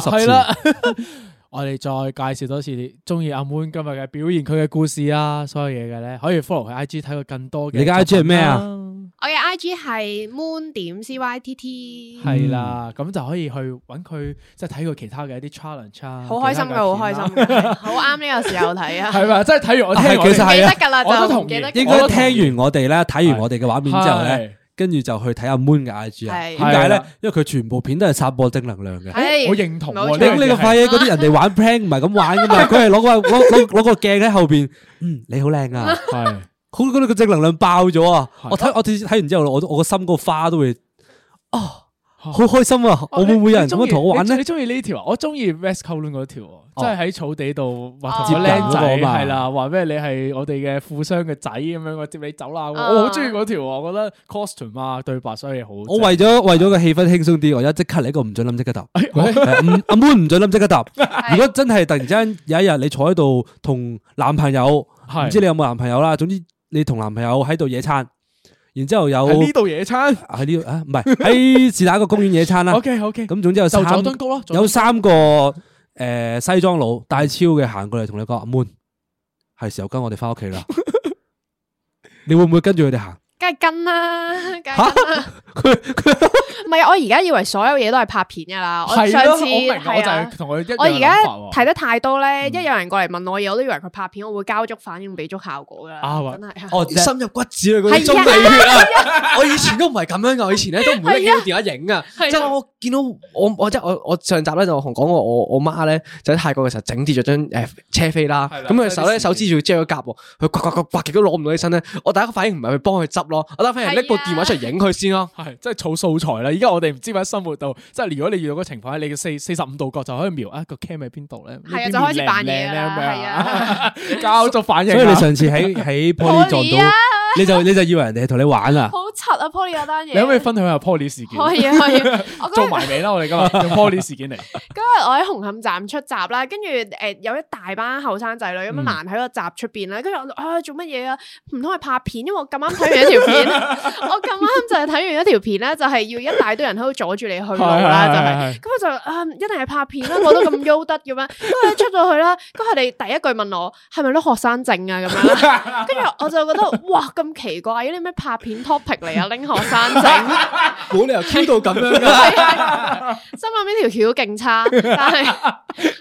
Speaker 3: 我哋再介紹多次中意阿 moon 今日嘅表現，佢嘅故事啊，所有嘢嘅咧，可以 follow 佢 IG 睇佢更多嘅。你嘅 IG 係咩啊？
Speaker 5: 我嘅 IG 係 moon 點 cytt。
Speaker 3: 係啦，嗯、咁、嗯、就可以去揾佢，即係睇佢其他嘅一啲 challenge、啊。
Speaker 5: 好開心噶，好、啊、開心，好啱呢個時候睇啊！係咪？ 即係睇完我聽完我、 啊，其實係啊，我都同。應該聽
Speaker 4: 完我哋咧，睇完我哋嘅畫面之後咧。跟住就去睇阿 Moon 嘅 IG 啊的，點解咧？因為佢全部片都係插播正能量嘅，的欸、我認同、啊。錯就是、你你個肺嗰啲人哋玩 prank 唔係咁玩噶嘛？佢係攞個攞攞攞個鏡喺後邊，嗯，你好靚啊，係的，好嗰個正能量爆咗啊的！我睇我睇睇完之後，我我個心個花都會，哦。好開心啊！我會唔會有人咁樣同我玩咧？你中意
Speaker 3: 呢條啊？我中意 West Column 嗰條啊，即係喺草地度話接靚仔係啦，話咩？你係我哋嘅富商嘅仔咁樣，我接你走啦！我好中意嗰條啊，我覺得 Costume 啊對白所以好。我
Speaker 4: 為咗為咗個氣氛輕鬆啲，我而家即刻嚟一個唔准諗即刻答。阿妹唔准諗即刻答。如果真係突然之間有一日你坐喺度同男朋友，唔知你有冇男朋友啦？總之你同男朋友喺度野餐。然之後有呢度野餐，喺呢度啊唔係喺是哪個公園野餐啦、啊、 ？OK OK。咁總之有三個，有三個誒、呃、西裝佬帶超嘅行過嚟同你講阿 moon，係時候跟我哋返屋企啦。 你會唔會跟住佢哋行？
Speaker 5: 梗係跟啦，梗係佢，唔係，我而家以為所有嘢都係拍片噶啦。我上次，我就係同佢一樣。
Speaker 3: 我而家睇
Speaker 5: 得太多咧，一有人過嚟問我嘢，我都以為佢拍片，我會交足反應，俾足效果噶。啊，真係哦，深
Speaker 2: 入骨子嗰
Speaker 3: 啲中鼻血啊！
Speaker 5: 我
Speaker 2: 以前都唔係咁樣噶，我以前咧都唔會一嘢電話影啊。即係我見到我，我即係我，我上集咧就同講過，我我媽咧就喺泰國嘅時候整跌咗張誒車飛啦，咁佢手咧手指住遮咗夾喎，佢刮刮刮刮，極都攞唔到起身咧。我第一個反應唔係去幫佢執。咯，我得翻係拎部電話
Speaker 3: 出嚟影佢先咯，係是、啊、即係儲素材啦。而家我哋唔知喺生活度，即係如果你遇到嗰個情況，你四四十五度角度就可以瞄，那個、啊個 cam 喺邊度咧，係啊就開始扮嘢啦，係是啊搞 作反應，啊所。所以你上次喺喺玻璃撞到， 你就你就以為人哋係同你玩啦。
Speaker 5: 七啊！Poly 嗰單嘢，你可唔可以
Speaker 3: 分享下 Poly 事件？可以可以，
Speaker 5: 做埋尾
Speaker 3: 啦！我哋今日用 Poly 事件嚟。
Speaker 5: 今日我喺紅磡站出閘啦，跟住誒有一大班後生仔女咁樣攔喺個閘出邊啦。跟住我啊，做乜嘢啊？唔通係拍片？因為我咁啱睇完一條片，我咁啱就係睇完一條片咧，就係要一大堆人喺度阻住你去路啦，就係。咁我就啊一定係拍片啦，我都咁悠得咁樣。跟住出咗去啦，跟住佢第一句問我係咪攞學生證啊？咁樣，跟住我就覺得哇咁奇怪，呢啲咩拍片 topic？嚟啊！拎學生證，冇理由 Q 到咁樣噶。心諗呢條橋勁差，但係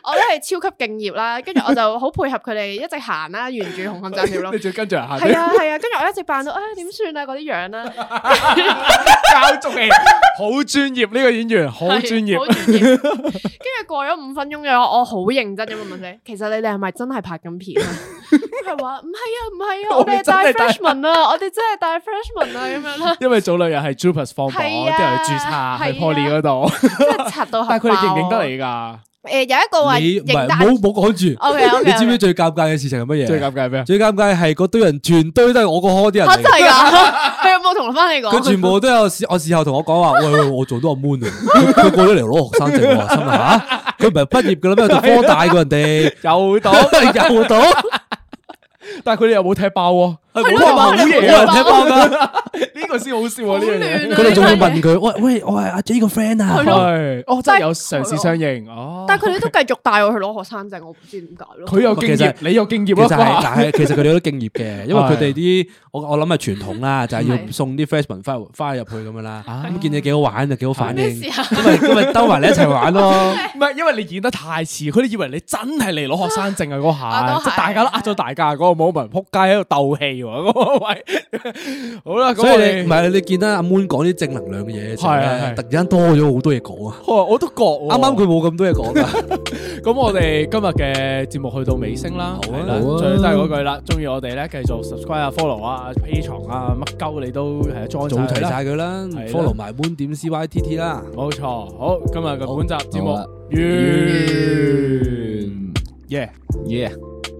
Speaker 5: 我都係超級敬業啦。跟住我就好配合佢哋一直行啦，沿住紅磡站橋咯。跟住
Speaker 2: 跟住
Speaker 3: 行？係啊
Speaker 5: 係啊，跟住我一直扮到誒點算啊嗰啲樣啊？
Speaker 3: 教足嘅，好專業呢個演員，好專業。
Speaker 5: 跟住過咗五分鐘嘅話，我好認真咁問你：其實你哋係咪真係拍緊片啊？佢話：唔係啊，唔係啊，我哋真係帶 freshman 啊，我哋真係帶 freshman 啊咁。因為
Speaker 3: 早兩日係 Jupas 放榜喺啲人去注冊去 Poly 嗰度，即
Speaker 5: 到。但係佢哋認唔認得你
Speaker 4: 噶？
Speaker 5: 誒，有一個位，唔係，冇
Speaker 4: 冇講住。你知唔知最尷尬嘅事情係乜嘢？最尷尬咩？最尷尬係嗰堆人全堆都係我個科啲人嚟，真係噶，
Speaker 5: 佢有冇同返你講。佢全部都
Speaker 4: 有，我事後同我講話：，喂喂，我做到阿 Moon 佢過咗嚟攞學生證啊，心吓，佢唔係畢業噶啦咩？讀科大過人哋，有
Speaker 3: 到？有到？但係佢哋又冇踢爆啊！係冇錯，好嘢，好聽講噶，呢個先好笑
Speaker 5: 啊！呢樣嘢，佢哋仲要問
Speaker 3: 佢喂喂，我係阿 J 個 friend 啊，係，我真係有嘗試相
Speaker 4: 應哦。
Speaker 5: 但係佢哋都繼續帶我去攞學生證，我唔知點解咯。佢有
Speaker 4: 經驗，你有經驗，其實係，但係其實佢哋都敬業嘅，因為佢哋啲我我諗係傳統啦，就係要送啲 freshman 翻翻入去咁樣啦。咁見你幾好玩就幾好反應，咁咪咁咪兜埋你一齊玩咯。
Speaker 3: 唔係，因為你見得太遲，佢哋以為你真係嚟攞學生證啊！嗰下即係大家都呃咗大家嗰個 moment，扑街喺度鬥氣。我好啦，所以唔
Speaker 4: 係你見啦，阿 moon 講啲正能量嘅嘢。係啊，突然間多咗好多嘢講啊，
Speaker 3: 我都覺，啱啱佢冇咁多嘢講啊，咁我哋今日嘅節目去到尾聲啦，好啦，最都係嗰句啦，中意我哋咧，繼續 subscribe 啊 follow 啊，起床啊，乜鳩你都係裝，早齊晒佢啦，follow
Speaker 4: 埋 moon 點 cytt 啦，冇錯，好，今日嘅本集節目完 yeah
Speaker 3: yeah